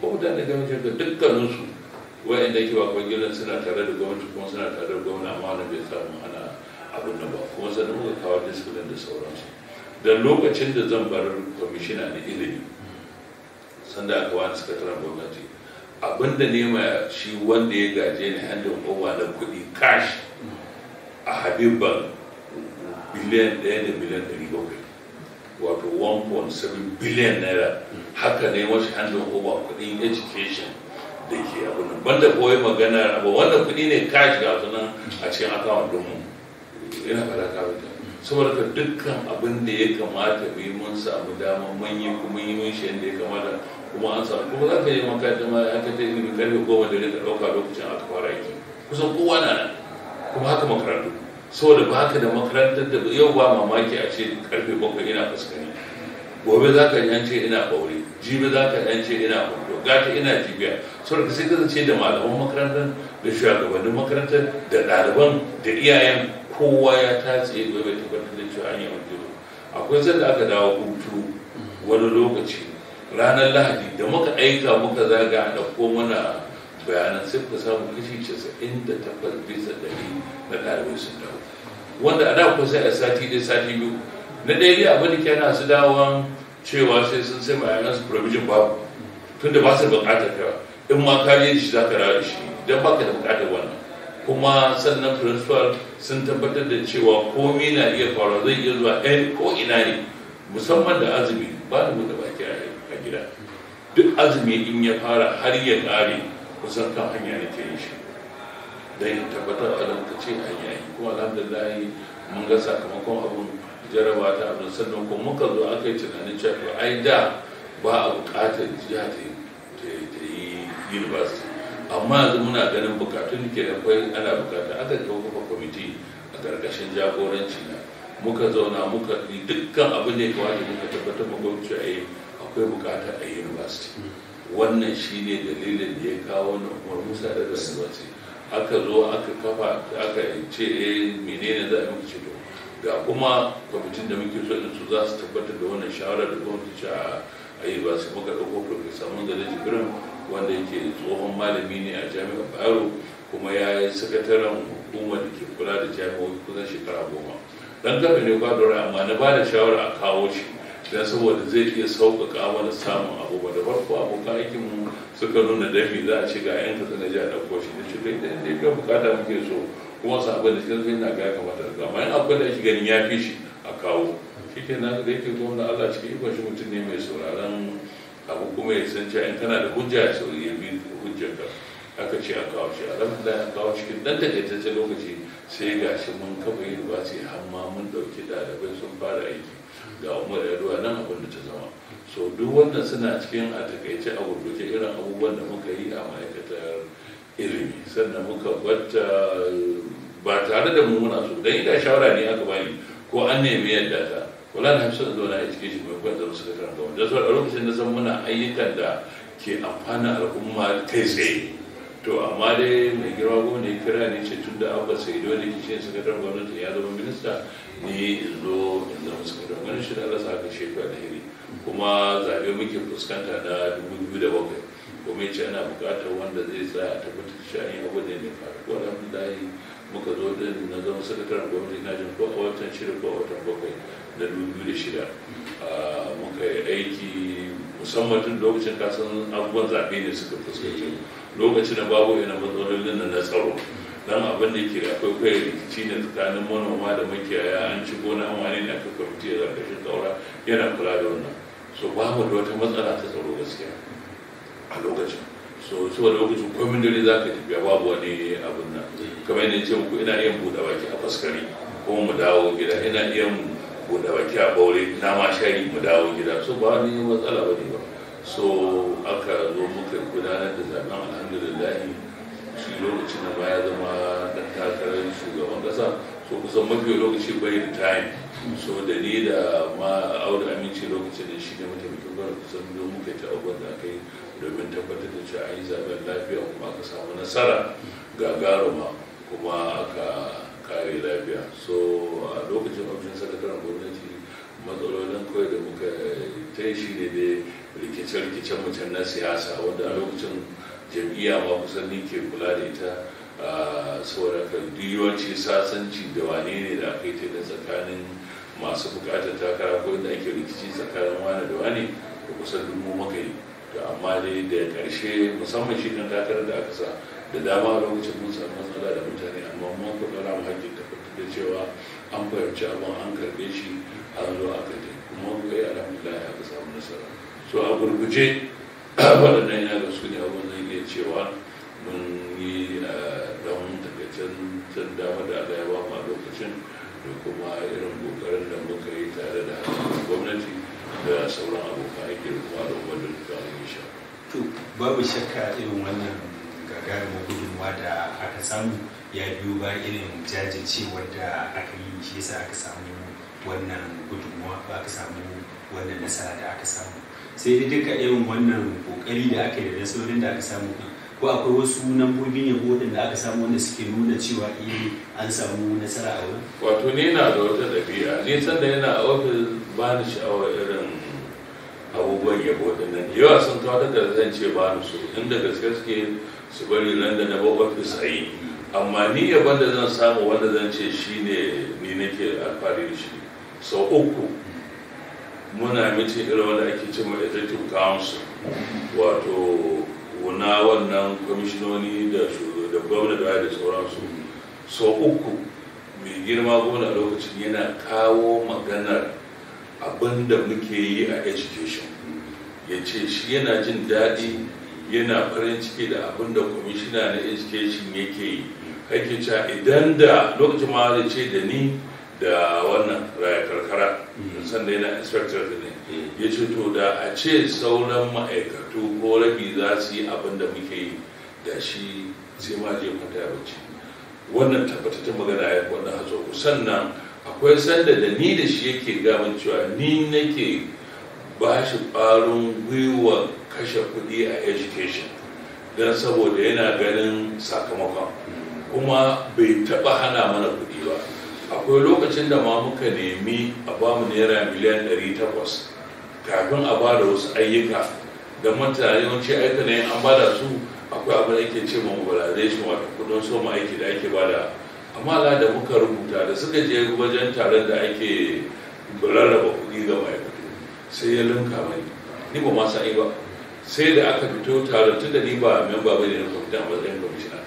ko da na gama da dukkaninsu da ke ba kwangilan suna tare da gwamnati kuma suna tare da gwamna amma wani bai samu ana abin nan ba kuma sannan muka kawo diskulin da sauransu Dan lokacin da zan bar kwamishina na ilimi sanda aka wani sakataren gwamnati abinda ma shi wanda ya gaje ni hannun kowa na kudi cash a habibban biliyan ɗaya da biliyan ɗari bakwai wato 1.7 biliyan naira haka ne wasu hannun kowa kudin education da ke abu nan banda koyi magana abu wanda kudi ne cash ga sunan a cikin akawun domin ina fara kawai saboda dukkan abin da ya kamata mu yi mun samu damar manyan kuma yi mun shi yadda ya kamata kuma an samu kuma za ka yi makaranta ma ya ta yi mai karfe goma da rika ɗauka lokacin aka fara aiki kusan kowa na nan kuma haka makarantu saboda ba ka da makarantar da yau ba mamaki a ce karfe bakwai ina fuskani gobe za ka yance ina ɓaure jibi za ka yance ina kwando gata ina jibiya saboda sai ka zace da malaman makarantar da shugabannin makarantar da ɗaliban da iyayen kowa ya tace ya bai tabbatar da cewa an yi abin akwai sanda aka dawo hutu wani lokaci ranar lahadi da muka aika muka zaga a ɗauko mana bayanan sai ka samu kashi casa'in da takwas bisa ɗari na ɗalibai sun dawo wanda a dawo sai a sati ɗaya sati biyu na ɗaya dai abin da kyana su dawon cewa sai sun sai bayanan su provision babu tunda ba su buƙatar kaiwa in ma kariyar shi za ka rawa shi idan ba ka da buƙatar wannan kuma sannan principal sun tabbatar da cewa komai na iya faruwa zai iya zuwa ɗari ko ina ne musamman da azumi ba da buɗe baki a gida duk azumi in ya fara har ya ƙare kusan kan hanya ne ke yin shi don ya tabbatar a lokaci a yayi kuma alhamdulillah mun ga sakamakon abun jaraba ta abin sannan kuma muka zo aka yi tunanin cewa ai da ba a buƙatar jiha ta yi university amma yanzu muna ganin bukatun da ke da kwai ana bukata aka kawo kafa kwamiti a ƙarƙashin jagoranci na muka zauna muka yi dukkan abin da ya kawo muka tabbatar gwamnati a yi akwai bukata a university wannan shine dalilin da ya kawo na umar musa da university aka zo aka kafa aka ce eh menene za a muke to ga kuma kwamitin da muke so in su za su tabbatar da wannan shawarar da gwamnati a yi ba su muka ɗauko profesa mun da jibirin wanda yake tsohon malami ne a jami'ar bayero kuma ya yi sakataren hukumar da ke kula da jami'o'i kusan shekara goma dan kafa ne dora amma na ba da shawara a kawo shi don saboda zai iya sauƙaƙa mana samun abu ba da farko abokan aikin mu suka nuna dafi za a ci ga yan kasa na ji a ɗauko shi da shi kai da ya bukata muke so kuma su abin da shi zai na gaya kamata da gama yan abin da ake ganin ya fi shi a kawo shi ke nan da yake gwamna Allah cikin ikon shi mutum ne mai sauraron abu kuma ya san cewa in kana da hujja sauri ya bi hujjar ka aka ce a kawo shi da aka kawo cikin dan ce lokaci sai ga shi mun kafa yin ba sai hamma mun dauki ɗalibai sun fara aiki ga umar yaduwa nan abin da ta zama so duk wannan suna cikin a takaice a gurguje irin abubuwan da muka yi a ma'aikatar ilimi sannan muka gwata ba tare da mu muna so dan ina shawara ne aka bani ko an nemi yadda ta wala na da in zauna a cikin shi mai kwan zama karanta gwamnati don a lokacin na san muna ayyukan da ke amfana al'umma kai tsaye to amma dai mai girma goma ne kira ne ce tun da abba sai dole ki shi sakataren gwamnati ya zama minista ni in zo in zama karanta wani shi da Allah sa ka shekwa da hiri kuma zaɓe muke fuskanta na dubu biyu da bakwai ya ce ana buƙatar wanda zai tsaya a tabbatar shi an yi abu da ya faru ko yi muka zo din na zama sakataren gwamnati na jin a watan shida ko watan bakwai na dubu da shida ah, muka yi aiki musamman tun lokacin kasan abubuwan zaɓe ne suka fuskanci lokacin da babu ina matsalolin na tsaro dan abin da ke akwai kai rikici ne tsakanin manoma da makiyaya an ci gona an wani ne aka kwamiti da ƙarƙashin ƙaura yana kula da wannan so babu da wata matsala ta tsaro gaskiya a lokacin so da lokacin komin dare za ka tafiya babu wani abin nan kamar yadda ce muku ina iya buɗe baki a faskari ko mu dawo gida ina iya buɗe baki a baure na ma shari mu dawo gida so ba ni matsala ba ne ba so aka zo muka gudanar da zaɓen alhamdulillah shi lokacin da ya zama ɗan takarar shugaban ƙasa so kusan mafi lokaci bai da time so da ni da ma aure aminci lokacin da shi ne mataimakin ba zan biyu muke ta abubuwan da aka domin tabbatar da cewa an yi zaben lafiya kuma aka samu nasara gagaruma kuma aka kare lafiya so a lokacin ofishin sakataren gwamnati matsalolin kawai da muka ta yi shi ne dai rikice-rikicen mutum na siyasa wanda a lokacin jam'iyya ma kusan ni ke kula da ita saboda kan duyawanci sasanci da wane ne da aka yi ta tsakanin masu bukatar takara ko inda ake rikici tsakanin wani da wani da kusan dubu makari to amma dai da karshe musamman shi kan takarar da aka sa da dama lokacin mun samu matsala da mutane amma mun ku dora mu hakkin da cewa an fahimci abin an karbe shi azo zo a je kuma ku yi alhamdulillah ya samu nasara so a gurguje [CLEARS THROAT] waɗannan yana da su ne abin zan iya cewa mun yi eh, don takaicen dama da Allah ya ba a lokacin da kuma irin kokarin da muka yi tare da gwamnati da sauran abokan aiki da kuma da duka sha. to babu shakka irin wannan gagarumin gudunmawa da aka samu ya biyo ba irin jajircewar da aka yi shi yasa aka samu wannan gudunmawa aka samu wannan nasara da aka samu sai dai duka irin wannan kokari da aka yi da nasarorin da aka samu ko akwai wasu nambobin yabo da aka samu wanda suke nuna cewa eh an samu nasara a wurin wato ne na da wata ɗabi'a ne sanda yana a ofis ba ni sha'awar irin abubuwan yabo da nan yawa sun tawadar da zan ce ba ni so inda gaske suke su bari nan da na ba ofis amma ni yabon da zan samu wanda zan ce shi ne ni nake alfahari da shi sau uku muna mace irin wanda ake cewa executive council wato na wannan kwamishinoni da da gwamna da sauransu sau uku mai girma gwamna lokacin yana kawo maganar abinda muke yi a education ya ce shi yana jin daɗi yana farin ciki da abin da kwamishina na education yake yi ake cewa idan da lokacin ma ce da ni da wannan raya karkara sannan yana inspector Eh, ya ce to da a ce sauran ma'aikatu ko rabi za su yi abin da muke yi da shi sai ma je mata ya wannan tabbatattun magana ya wannan ku. sannan akwai sanda da ni da shi yake gaban cewa ni nake ba shi ɓarin gwiwa kashe kuɗi a education don saboda yana ganin sakamakon kuma bai taɓa hana mana kuɗi ba akwai lokacin da ma muka nemi a bamu naira miliyan 800 kafin a ba da wasu ayyuka da mutane yawanci aika ne an ba da su akwai abin da ke ce ma mobilization wato kudin soma aiki da ake ba da amma ala da muka rubuta da suka je wajen taron da ake rarraba kuɗi ga ma'aikatu sai ya linka mai ni ba ma sa'i ba sai da aka fito taron tun da ni ba memba ba ne na kwamitin a matsayin kwamishina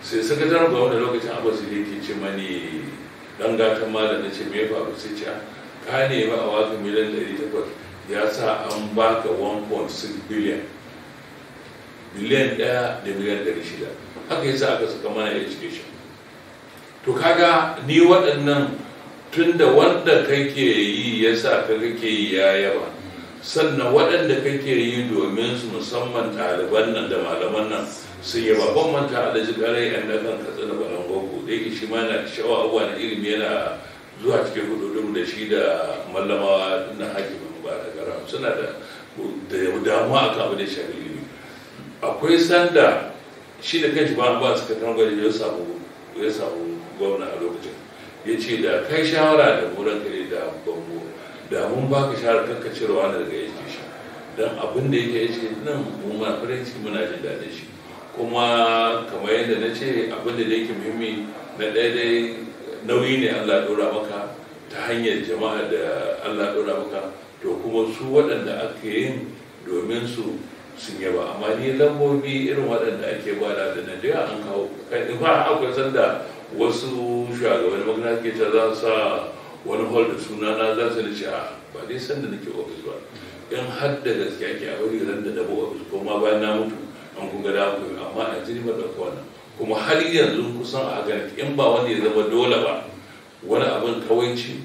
sai sakatar gwamna lokacin abasu ne ke ce mani dan gatan malam na ce me ya faru sai ce ah, ka ne ba a wata miliyan ɗari takwas ya sa an baka 1.6 biliyan biliyan ɗaya da miliyan ɗari shida haka yasa aka saka mana education to kaga ni waɗannan tunda wanda kake yi ya sa ka kake yi ya yaba sannan waɗanda kake yi domin su musamman ɗaliban nan da malaman nan sun yaba ban manta da ƙarai yan ɗakan katsina balangogo da yake shi ma na shawa abuwa na ilimi yana zuwa cikin hududun da shi da mallamawa na hakima ba da garam suna da damuwa akan kamar da ya shafi ilimi akwai sanda shi da kai ba ba su kan gwada ya samu ya samu gwamna a lokacin ya ce da kai shawara da buran kare da bango da mun baka shawara kanka cire wani daga yake shi don abin da yake yake nan mu ma muna jin daɗin shi kuma kamar yadda na ce abin da yake muhimmi na ɗaya dai nauyi ne Allah ɗora maka ta hanyar jama'a da Allah ɗora maka to kuma su waɗanda aka yin domin su sun yaba amma ni lambobi irin waɗanda ake bada da nan da an kawo ba akwai sanda wasu shugabannin magana ke ta za sa wani hol da suna na za su nace a ba dai sanda nake ofis ba in har da gaske ake a wuri ran da dabo ofis ko ma bayan na mutu an kuga da ku amma a jini ba da kwana kuma har yanzu kusan a ganin in ba wanda ya zama dole ba wani abin kawaici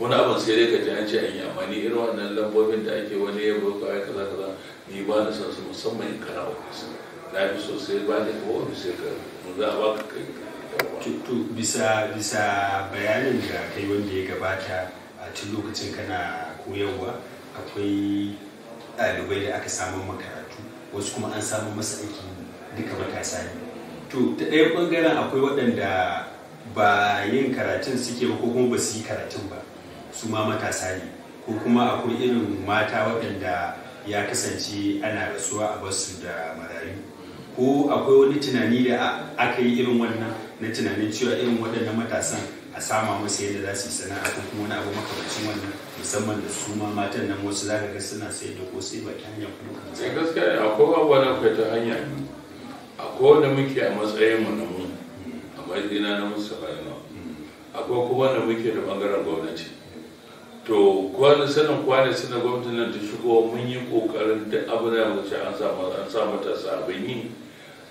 wani abin sai dai ka ji an ce an yi amma ni irin wannan lambobin da ake wani ya boko ya kaza kaza ni ba na san su musamman in kana kasu na fi so sai ba da kuma ofis sai ka mu za a ka kai to bisa bisa bayanin da kai wanda ya gabata a tun lokacin kana koyarwa akwai ɗalibai da aka samu makaratu wasu kuma an samu masa aiki duka matasa ne to ta ɗaya ɓangaren akwai waɗanda ba yin karatun suke ba ko kuma ba su yi karatun ba su ma matasa ne ko kuma akwai irin mata waɗanda ya kasance ana rasuwa a basu da marayu ko akwai wani tunani da aka yi irin wannan na tunanin cewa irin waɗannan matasan a sama musu yadda za su yi sana'a ko kuma wani abu makamancin wannan musamman da su ma matan nan wasu za ka ga suna sayar da kosai ba ta hanyar kuma kan eh, gaskiya akwai abuwa na kai ta hanya akwai wanda muke a matsayin mu na mu a matsayina na musa bayan hmm. akwai kuma wanda muke da bangaren gwamnati to kwanan sanin kwanan suna gwamnatin ta shigo mun yi kokarin duk abin da muka an samu an samu ta sabon yi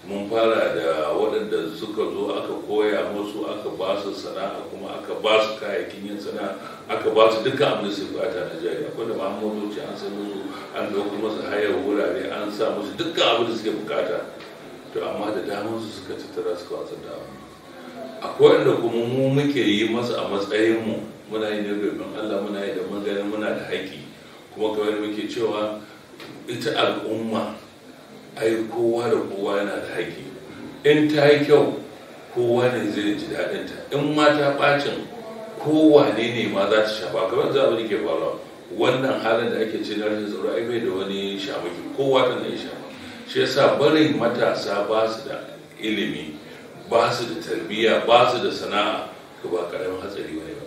mun fara da waɗanda suka zo aka koya musu aka ba su sana'a kuma aka ba su kayayyakin yin sana'a aka ba su dukkan abin da su bata na jari akwai da ba motoci an san musu an ɗauki musu hayar wurare an sa musu dukkan abin da suke bukata to amma da damar su suka tattara suka wasu damu akwai wanda kuma mu muke yi masa a matsayin mu muna yi da roƙon Allah muna yi da maganin muna da haƙƙi kuma kamar muke cewa ita al'umma ai kowa da kowa yana da haƙƙi in ta yi kyau kowa ne zai ji daɗin ta in ma ta ɓacin kowa ne ne ma za ta shafa kamar za mu ke faruwa wannan halin da ake ce na rashin tsaro ai bai da wani shamaki kowa tana yi shafa shi yasa barin matasa ba su da ilimi ba su da tarbiyya ba su da sana'a ka ba karamin hatsari ba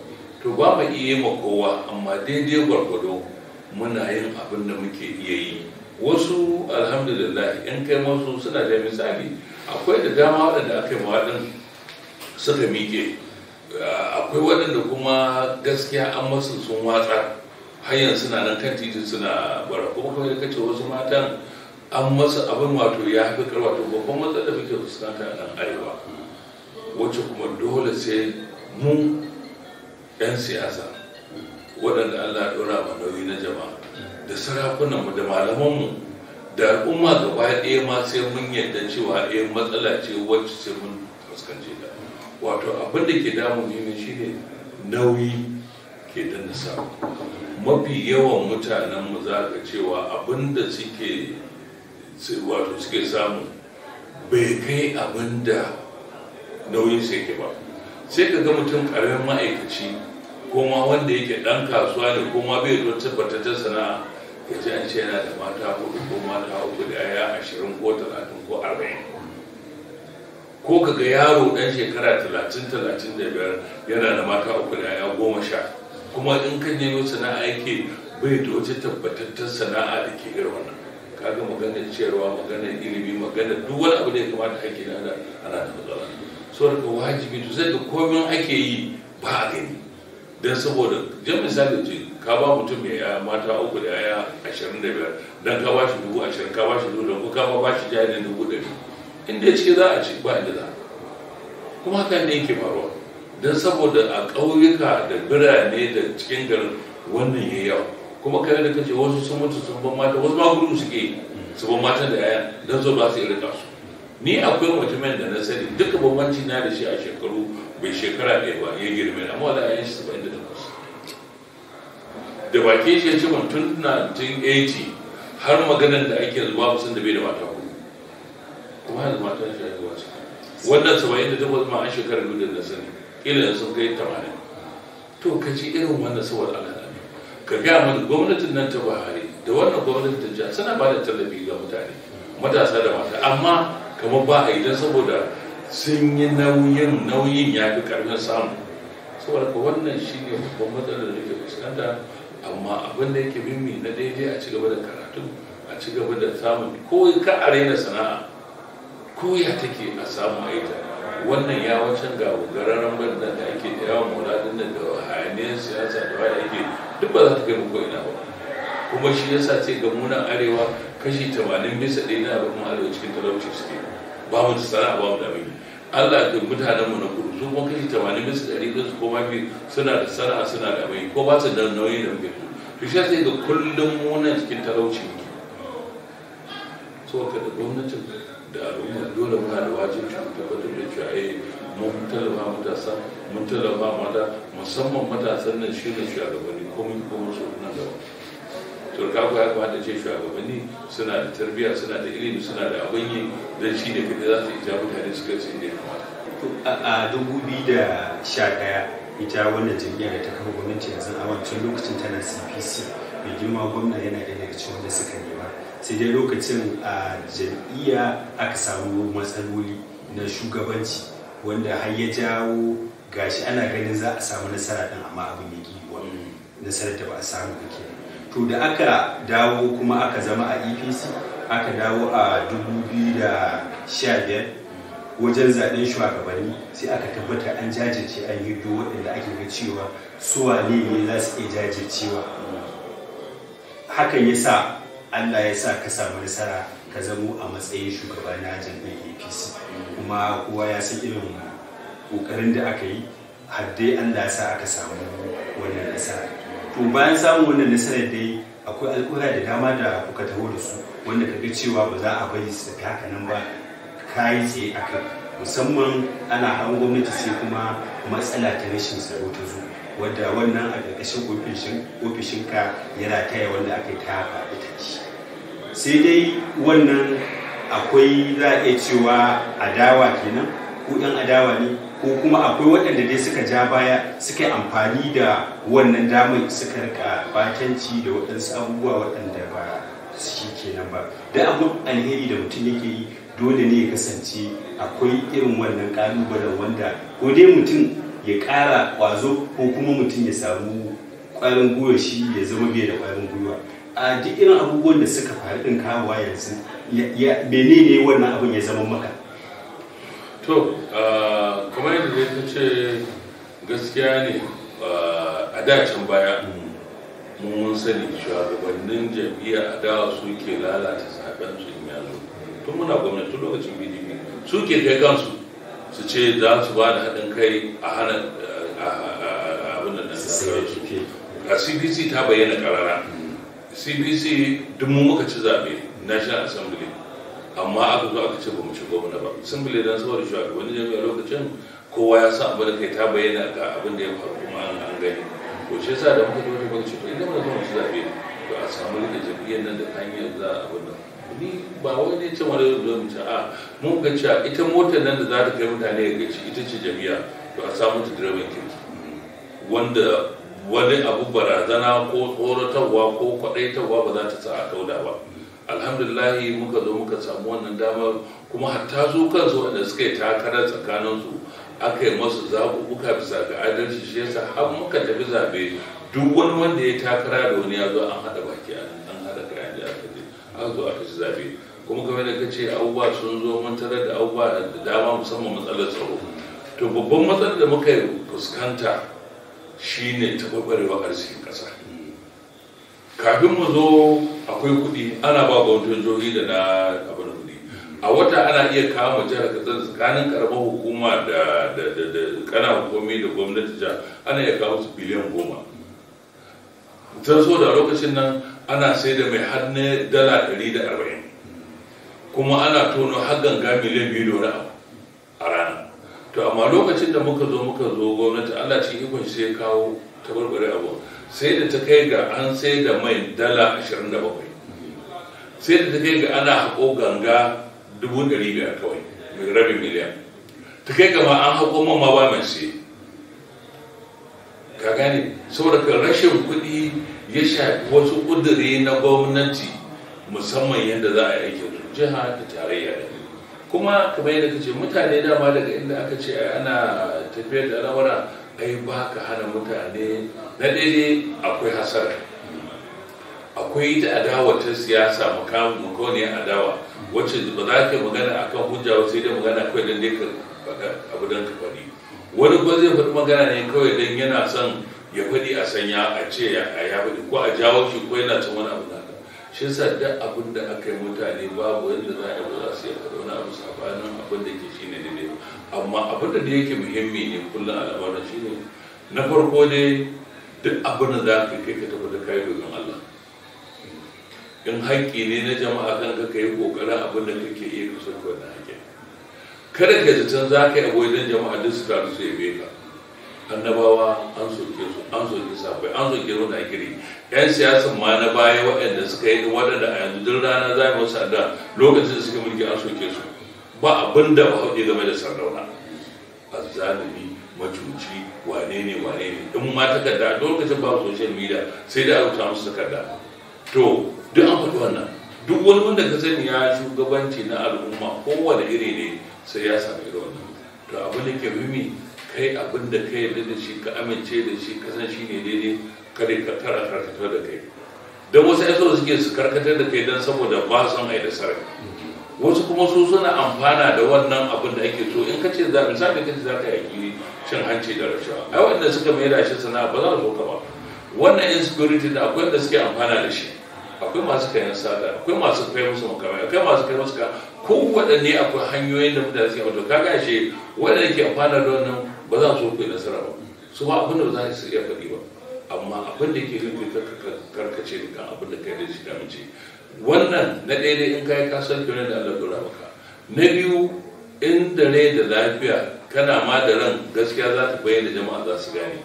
to ba mu iya ma kowa amma daidai gwargwado muna yin abin da muke iya yi wasu alhamdulillah in kai masu suna da misali akwai da dama waɗanda aka yi mawaɗin suka mike akwai waɗanda kuma gaskiya an masu sun watsa hanyar suna nan kan titi suna bara kuma kuma ya kace wasu matan an masu abin wato ya haifar karwa to babban matsala da muke fuskanta a nan arewa wacce kuma dole sai mu 'yan siyasa waɗanda allah ɗora ma nauyi na jama'a da sarakunanmu da malamanmu da al'umma gaba ɗaya ma sai mun yadda cewa ɗaya eh, matsala ce wacce sai mun fuskanci ta wato abin da ke damun ne shi ne nauyi ke da samu mafi yawan mutanen mu za ka cewa abin da suke wato suke samu bai kai abin da nauyin sai ke ba sai ka ga mutum karamin ma'aikaci ko ma wanda yake ɗan kasuwa ne ko ma bai don tabbataccen sana'a Ya ji an ce yana da mata hudu ko mata hudu da yaya ashirin ko talatin ko arba'in ko ka ga yaro ɗan shekara talatin talatin da biyar yana da mata uku da yaya goma sha kuma in ka nemo sana'a yake bai da wata tabbatattar sana'a da ke irin wannan kaga maganar ciyarwa maganar ilimi maganar duk wani abu da ya kamata ake da ana da matsala saboda wajibi to zai ga komin ake yi ba a gani don saboda jan misali ce ka ba mutum mai ya mata uku da yaya ashirin da biyar don ka ba shi dubu ashirin ka ba shi dubu don ka ba shi da dubu ɗari inda ya ce za a ci ba inda za kuma hakan ne yake faruwa don saboda a ƙauyuka da birane da cikin garin wannan ya yawa kuma kai da kace wasu sun mutu sun ban mata wasu ma gudu suke su ban mata da yaya don zo ba su iya rika su ni akwai mutumin da na sani duka bambanci na da shi a shekaru bai shekara ɗaya ba ya girme amma a ayin shi saba'in da takwas da baki shi ya ce ban tun 1980 har maganar da ake yanzu babu sun da bai da mata ku kuma yanzu mata shi ya yi wasu wannan saba'in da takwas ma an shekara gudun da na sani ƙila sun kai tamanin to ka ji irin wannan saboda ne. ka gaya mana gwamnatin nan ta buhari da wannan gwamnatin ta jiya suna ba da tallafi ga mutane matasa da mata amma kuma ba a idan saboda sun yi nauyin nauyin ya fi karfin samu saboda ko wannan shi ne babban matsalar da ke fuskanta amma abin da yake mimmi na daidai a cigaba da karatu a cigaba da samun ko ka a raina sana'a ko ya take a samu aita wannan ya wancan ga gararan banda da ake da yawan muradin da hayaniyar siyasa da waya ake duk ba za ta kai muku ina ba kuma shi yasa ce ga munan arewa kashi 80 bisa ɗaya na abin arewa cikin talauci suke ba mu sana'a ba da abin Allah da mutanen mu na kudu su kuma kashi tamanin bisa ɗari ɗin su koma biyu suna da sana'a suna da abin ko ba su da nauyi da muke to shi sai ga kullum muna cikin talauci muke so ka da gwamnatin da al'umma dole muna da wajibi mu tabbatar da cewa eh mun talaba matasa mun talaba mata musamman matasan nan shi ne shugabanni komai kuma su nan gaba turkawa ya kuma ya kamata ce shugabanni suna da tarbiyya suna da ilimi suna da abin yi don shi ne kaɗai za su ija mutane su kai su inda ya kamata. a dubu biyu da sha ɗaya ita wannan jam'iyya da ta kafa gwamnati yanzu a wancan lokacin tana cpc mai girma gwamna yana ɗaya daga cikin wanda suka nema sai dai lokacin a jam'iyya aka samu matsaloli na shugabanci wanda har ya jawo gashi ana ganin za a samu nasara ɗin amma abin ya ƙi mm. nasarar da ba a samu da ke to da aka dawo kuma aka zama a epc aka dawo a 2015 wajen zaɓen shugabanni sai aka tabbata an jajirce an yi duk waɗanda ake ga cewa suwa ne ne za su iya jajircewa hakan ya sa allah ya sa ka samu nasara ka zamo a matsayin shugaba na jam'iyyar apc e kuma kowa ya san irin ƙoƙarin da aka yi har dai allah ya sa aka samu wannan nasara to bayan samun wannan nasarar dai akwai alkura da dama da kuka taho da su wanda ga cewa ba za a bari su tafi haka nan ba kayi tsaye akan musamman ana hawan gwamnati sai kuma matsala ta rashin tsaro ta zo wadda wannan a ƙarƙashin ofishinka yana taya wanda aka yi ta faɗi ta ci sai dai wannan akwai za a iya cewa adawa kenan ko ɗan adawa ne ko kuma akwai waɗanda dai suka ja baya suka yi amfani da wannan damar suka rika bakanci da waɗansu abubuwa waɗanda ba shi kenan ba da abin alheri da mutum yake yi dole ne ya kasance akwai irin wannan ƙalubalen wanda ko dai mutum ya ƙara ƙwazo ko kuma mutum ya samu ƙwarin gwiwa shi ya zama bai da ƙwarin gwiwa a duk irin abubuwan da suka faru ɗin kawowa yanzu menene wannan abin ya zama maka to uh, kuma yadda ta ce gaskiya ne uh, a dacin baya mun sani shugabannin jam'iyya a dawa su ke lalata zaben su in yanzu tun muna gwamnati lokacin pdp suke ke kai kansu su ce za su ba da haɗin kai a hana abin da a cbc ta bayyana karara cbc duk muka ci zaɓe national assembly amma aka zo aka ce ba mu ci gwamna ba sun bile dan saboda wani jami'a lokacin kowa ya san abin da kai ta bayyana ga abin da ya faru kuma an gani ko shi yasa da muka zo ne muka ce to idan mun zo mu zabe to a samu rike jam'iyyar nan da hanyar za a abin nan ni ba wai ne ce wani zo mu a mun ga cewa ita motar nan da za ta kai mutane ga ci ita ce jami'a to a samu ta direban kirki wanda wani abu barazana ko tsoratarwa ko kwaɗaitarwa ba za ta sa a kauda ba alhamdulillahi muka zo muka samu wannan damar kuma hatta su kansu wanda suka yi takara tsakaninsu aka yi masu zaɓuɓɓuka bisa ga adalci shi yasa har muka tafi zaɓe duk wani wanda ya takara da wani ya zo an haɗa baki an haɗa kayan da aka je aka zo aka ci zaɓe kuma kamar da ka ce sun zo mun tarar da abubuwa da dama musamman matsalar tsaro to babban matsalar da muka fuskanta shine taɓarɓarewar arzikin ƙasa kafin mu zo akwai kuɗi ana ba ga wajen jihohi da na abin kuɗi a wata ana iya kama jihar katsina tsakanin karamar hukuma da kana hukumi da gwamnati jihar ana iya kawo su biliyan goma ta so da lokacin nan ana sai da mai har na dala ɗari da arba'in kuma ana tono har ganga miliyan biyu da wani abu a rana to amma lokacin da muka zo muka zo gwamnati allah cikin ikon sai kawo tabarbare abu sai da ta kai ga an sai da mai dala 27 sai da ta kai ga ana haƙo ganga 500 kawai mai rabin miliyan ta kai ga an haƙo man ma ba mai sai ka gane saboda rashin kuɗi ya shafi wasu ƙuduri na gwamnati musamman yadda za a yi aikin jiha da tarayya da kuma kamar yadda ka ce mutane dama daga inda aka ce ana tafiyar da al'amura ai ba ka hana mutane na daidai akwai hasara akwai ita adawa ta siyasa makauniyar adawa wacce ba za ka magana a kan hujja sai dai magana kawai don dai ka faɗa abu don ka faɗi wani kuma zai faɗi magana ne kawai don yana son ya faɗi a sanya a ce ya faɗi ko a jawo shi ko yana son wani abu naka shi sa duk abin da aka yi mutane babu wanda za a yi ba za su yi faɗi wani abu sabanin abin da ke shi ne daidai amma abin da yake muhimmi ne kullum al'amarin shi ne na farko dai duk abin da za ka kai ka tafi da kai dogon Allah in haƙƙi ne na jama'a kan ka kai ƙoƙarin abin da kake iya ka sauke wannan haƙƙi kada ka ji can za ka yi abuwa don jama'a duk su taru su yabe ka annabawa an soke su an soke safai an soke wani kiri yan siyasan ma na baya waɗanda suka yi waɗanda a yanzu duk rana za mu sa da lokacin da suka mulki an soke su ba abin da ba haɗe game da sardauna azzalumi macuci wane ne wane ne in ma takarda lokacin ba social media sai da rubuta musu takarda to duk an faɗi wannan duk wani wanda ka sani ya shugabanci na al'umma kowane iri ne sai ya sami irin wannan to abin da ke muhimmi kai abin da ka yarda da shi ka amince da shi ka san shi ne daidai kada ka kara karkatar da kai don wasu yaso suke su karkatar da kai don saboda ba son ai da sarai wasu kuma su suna amfana da wannan abin da ake so in ka ce za misali ka ce za ka yaki cin hanci da rashawa ai wanda suka mai da shi sana'a ba za su ka ba wannan insecurity da akwai wanda suke amfana da shi akwai masu kayan sada akwai masu kai musu makamai akwai masu kai musu ko waɗanne akwai hanyoyin da mutane suke wato ka shi waɗanda ke amfana da wannan ba za su kai nasara ba su ba abin da ba za su iya faɗi ba amma abin da ke rufe karkace da kan abin da kai da shi da mace wannan na ɗaya ne in kai yi kasar kiran da Allah dora maka na biyu in da ne da lafiya kana ma da ran gaskiya za ta bayyana jama'a za su gane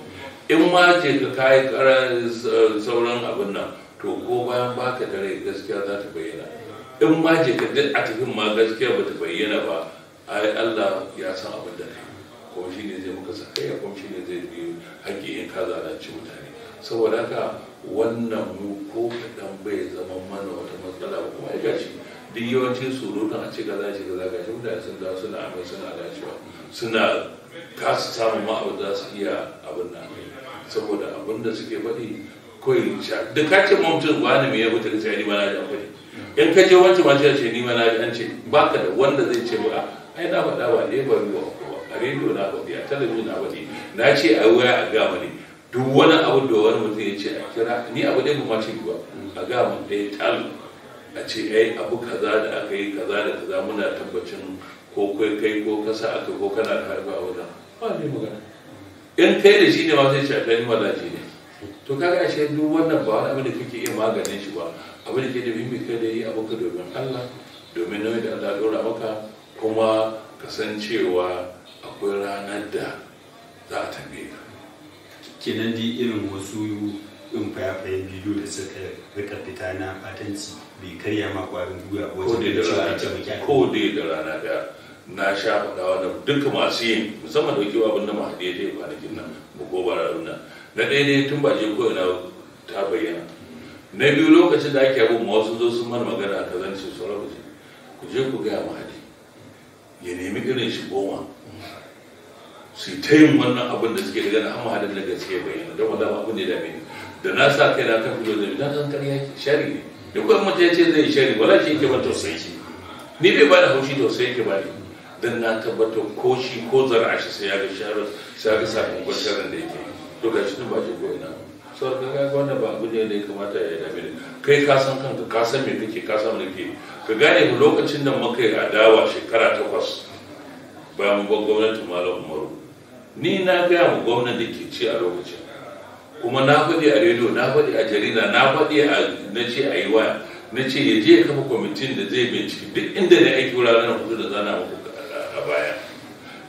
in ma ce ka kai karar eh, sauran abin nan to ko bayan baka da rai gaskiya za ta bayyana in ma ce ka duk a cikin ma gaskiya ba ta bayyana ba ai Allah ya san abin da kai kuma ne zai maka sakaya kuma shi ne zai biyu haƙƙi in ka zalunci mutane saboda haka wannan mu ko kaɗan bai zama mana wata matsala ba kuma ya shi duk yawancin surutun a ce gaza ga gaza shi mutane sun da suna amai suna dacewa suna kasu samun ma za su iya abin nan saboda abin da suke faɗi kawai sha Duk ka ce ma mutum ba ni me da ta sai ni ma na ji akwai in ka je wancan ma ce ni ma na ji an ce baka da wanda zai ce ba ai na faɗa ba ne ba ruwa a rediyo na faɗi a talabijin na faɗi na ce a waya a gama ne duk wani abu da wani mutum ya ce a kira ni abu dai kuma ce ba a ga mu dai tal a ce ai abu kaza da aka yi kaza da kaza muna tabbacin ko kai kai ko kasa aka ko kana da a wajen ba ne magana in kai da shi ne ma sai ce a malaji ne to kaga ashe duk wannan ba wani abu da kake iya maganin shi ba abu da ke da mimmi kai da yi abu ka domin Allah domin nawa da Allah dora maka kuma kasancewa akwai ranar da za a tambaye ka kenan dai irin wasu in fayafayen bidiyo da suka rika fita na fatanci bai karya ma kwarin gwiwa wajen da cewa ita mai ko da da rana da na sha faɗawa da duk masu yin musamman da kewa abin da ma haɗe ta yi kwanakin nan ba ko ba na na ɗaya ne tun ba je ko ina ta bayyana na biyu lokacin da ake abin wasu zo sun mana magana a kazan ce sauran ku je ku gaya ma haɗe ya nemi irin shi goma su ta yin wannan abin da suke gana an mahalar da gaske bayyana don wanda abin da ya dame ni da na sa kai na kan fito da na san karya shari ne da kuma mace ya ce zai yi shari wala shi yake ban tausayi shi ni bai bada haushi tausayi ke ne don na tabbatar ko shi ko zara shi sai ya ga sharar sai ya ga sakamakon sharar da yake to ga shi tun ba shi ko ina sau ka ga wannan ba abin da ya kamata ya dame ni kai ka san kanka ka san me kake ka san me kake ka gane lokacin da muka yi adawa shekara takwas bayan gwamnatin malam umaru ni na gaya wa gwamnati ke ci a lokacin kuma na faɗi a rediyo na faɗi a jarida na faɗi a na ce a yi waya na ce ya je ya kafa kwamitin da zai binciki duk inda da aiki wuraren kusa da zana muku a baya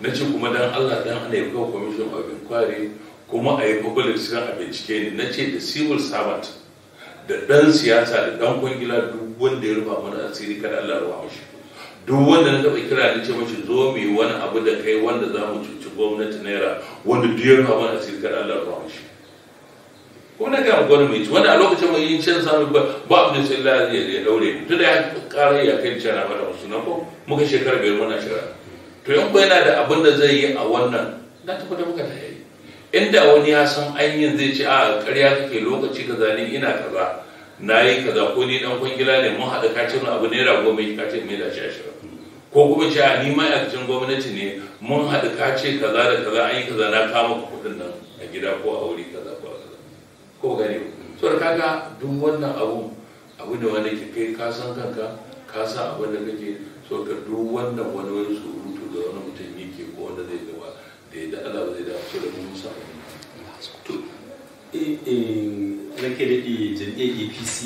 na ce kuma dan allah dan ana yi kafa kwamishin abin kware kuma a yi public siran a bincike ne na ce da civil servant da ɗan siyasa da ɗan kwangila duk wanda ya rufa mana asiri kada allah ruwa mashi duk wanda na taɓa kira da ce mace zo mu yi wani abu da kai wanda za mu cuci gwamnati naira wanda duk ya mana asiri kan Allah rufa shi kuma na gama gwani mai ci wanda a lokacin mai yin can samun ba ba abu da sai Allah ya daure mu tunda ya ƙara ya kai cana mata musu nan ko muka shekara biyar muna shara to yan yana da abin da zai yi a wannan na da muka ta inda wani ya san yi zai ce a ƙarya kake lokaci kaza ne ina kaza na yi kaza ko ni dan kwangila ne mun haɗa kacin abu naira goma ka kacin mai da shi ashirin ko kuma ce a ni cikin gwamnati ne mun haɗu ka za kaza da kaza an yi kaza na kama kuɗin nan a gida ko a wuri kaza ko a kaza ko ba to da kaga duk wannan abu abu ne wanda ke kai ka san kanka ka san abin da kake so ka duk wannan wani wani surutu da wani mutum yake ko wanda zai gaba da yadda Allah ba zai dace da mun musamman to Eh, eh, rake jam'iyyar apc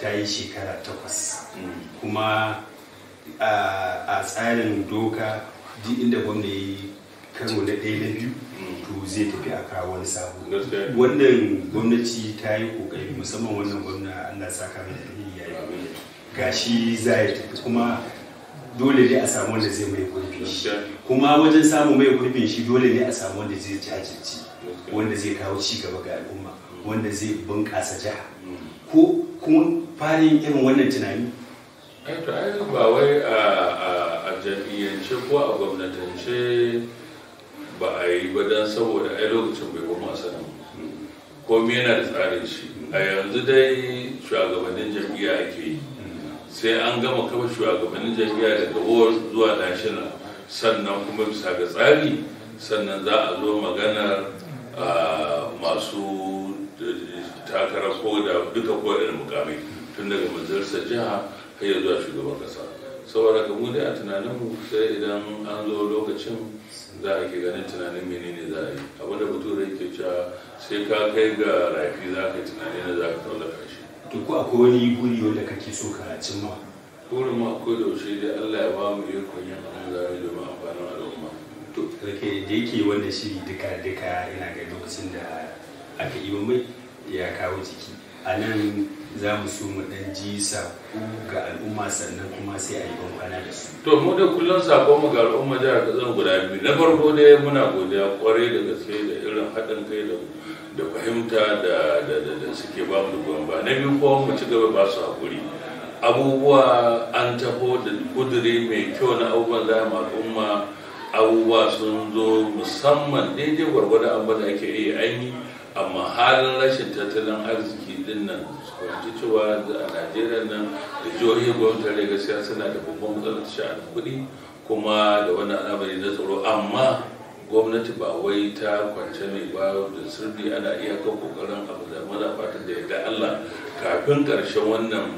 ta yi shekara takwas kuma a tsarin doka duk inda gwamna ya yi karo na ɗaya na biyu to zai tafi a kawo wani sabo wannan gwamnati ta yi kokari musamman wannan gwamna allah saka mai da ya yi shi za ya tafi kuma dole ne a samu wanda zai mai gurbin shi kuma wajen samun mai gurbin shi dole ne a samu wanda zai jajirce wanda zai kawo ci gaba ga al'umma mm. wanda zai bunƙasa jiha mm. ko kuma farin irin wannan tunani eh, to ai ba wai a jam'iyyance ko a gwamnatance ba a yi ba don saboda ai lokacin bai kuma sanin me yana da tsarin shi a mm. yanzu dai shugabannin jam'iyya ake yi sai an gama kama shugabannin jam'iyya daga ward zuwa national sannan kuma bisa ga tsari sannan za a zo maganar masu takara ko da duka ko da mukami tun daga majalisa jiha har yanzu a shugaban kasa saboda ka mu a tunanin mu sai idan an zo lokacin za a ke ganin tunanin menene za a yi abu da da yake cewa sai ka kai ga rafi za ka yi tunani na za ka tsallaka shi to ko akwai wani guri wanda kake so ka cimma burin ma akwai da yaushe dai Allah ya ba mu ikon yin an zare domin amfanin to rake da yake wanda shi duka duka yana ga lokacin da aka yi mai ya kawo jiki a nan za mu so mu dan ji saƙo ga al'umma sannan kuma sai a yi bankwana da su. To mu da kullum saƙon mu ga al'umma jihar Katsina guda biyu. Na farko dai muna godiya kwarai da gaske da irin haɗin kai da da fahimta da da da suke ba mu goyon ba. Na biyu kuma mu ci gaba ba su haƙuri. Abubuwa an taho da kuduri mai kyau na abubuwan za al'umma abubuwa sun zo musamman daidai gwargwada abubuwa da ake iya aini amma halin rashin tattalin arziki din nan kwanci cewa a najeriya nan da jihohi gwamnati da gaskiya suna da babban matsalar sha'anin kuɗi kuma da wani al'amari na tsaro amma gwamnati ba wai ta kwance mai ba da sirri ana iya iyakar kokarin abu da mana fatan da yadda allah kafin ƙarshen wannan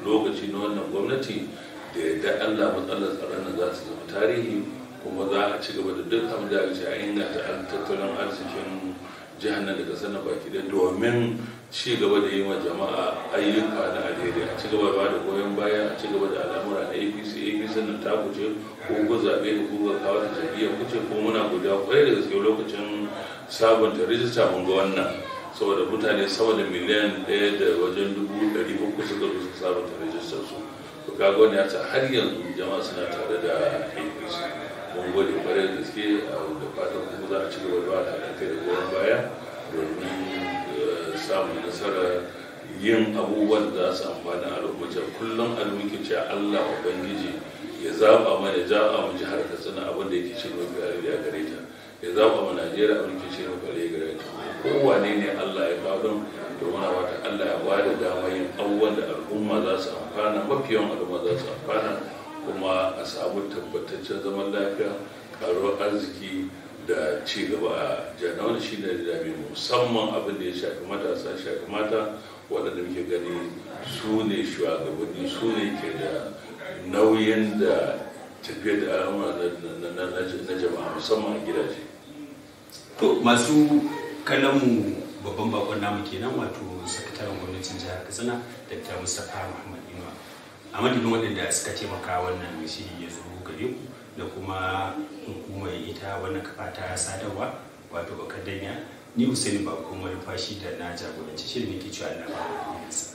lokaci na wannan gwamnati da yadda allah matsalar tsaron za su zama tarihi kuma za a ci gaba da duk abin da aka a inganta tattalin arzikin jihar nan daga sana baki da domin ci gaba da yi wa jama'a ayyuka na alheri a ci gaba ba da goyon baya a ci gaba da al'amura na apc apc nan ta guje ko ku zaɓe da kuka kawo ta jam'iyya kuce ko muna guda kwarai da gaske lokacin sabunta rijista mun ga wannan saboda mutane saboda miliyan ɗaya da wajen dubu ɗari uku suka zo suka sabunta rijistar su to kaga ya har yanzu jama'a suna tare da apc mun gode kwarai da a da fatan kuma za a ci gaba da ta kai da goyon baya domin eh, samun nasarar yin abubuwan da za su amfani al'ummar kullum al'ummar a allah ubangiji ya zaɓa mana zaɓa mu jihar katsina abin da yake cin mafi a gare ta ya zaba ma najeriya abin da yake cin mafi a gare ta kowane ne allah ya faɗin domin wata allah ya ba da dama yin abubuwan da al'umma za su amfana mafiyan al'umma za su amfana kuma a samu tabbataccen zaman lafiya karuwar arziki da ci gaba a jana wani shi ne da musamman abin da ya shafi matasa shafi mata waɗanda muke gani su ne shugabanni su ne ke da nauyin da tafiya da al'amura na jama'a musamman a gidaje to masu kallonmu babban bakon namu kenan wato sakataren gwamnatin jihar katsina dr mustapha muhammad inuwa a madadin waɗanda suka taimaka wannan shiri ya zo gare ku da kuma hukumar ita wannan kafa ta sadarwa wato bakadanya ni usaini ba kuma fashi da na jagoranci shirin nake cewa na ba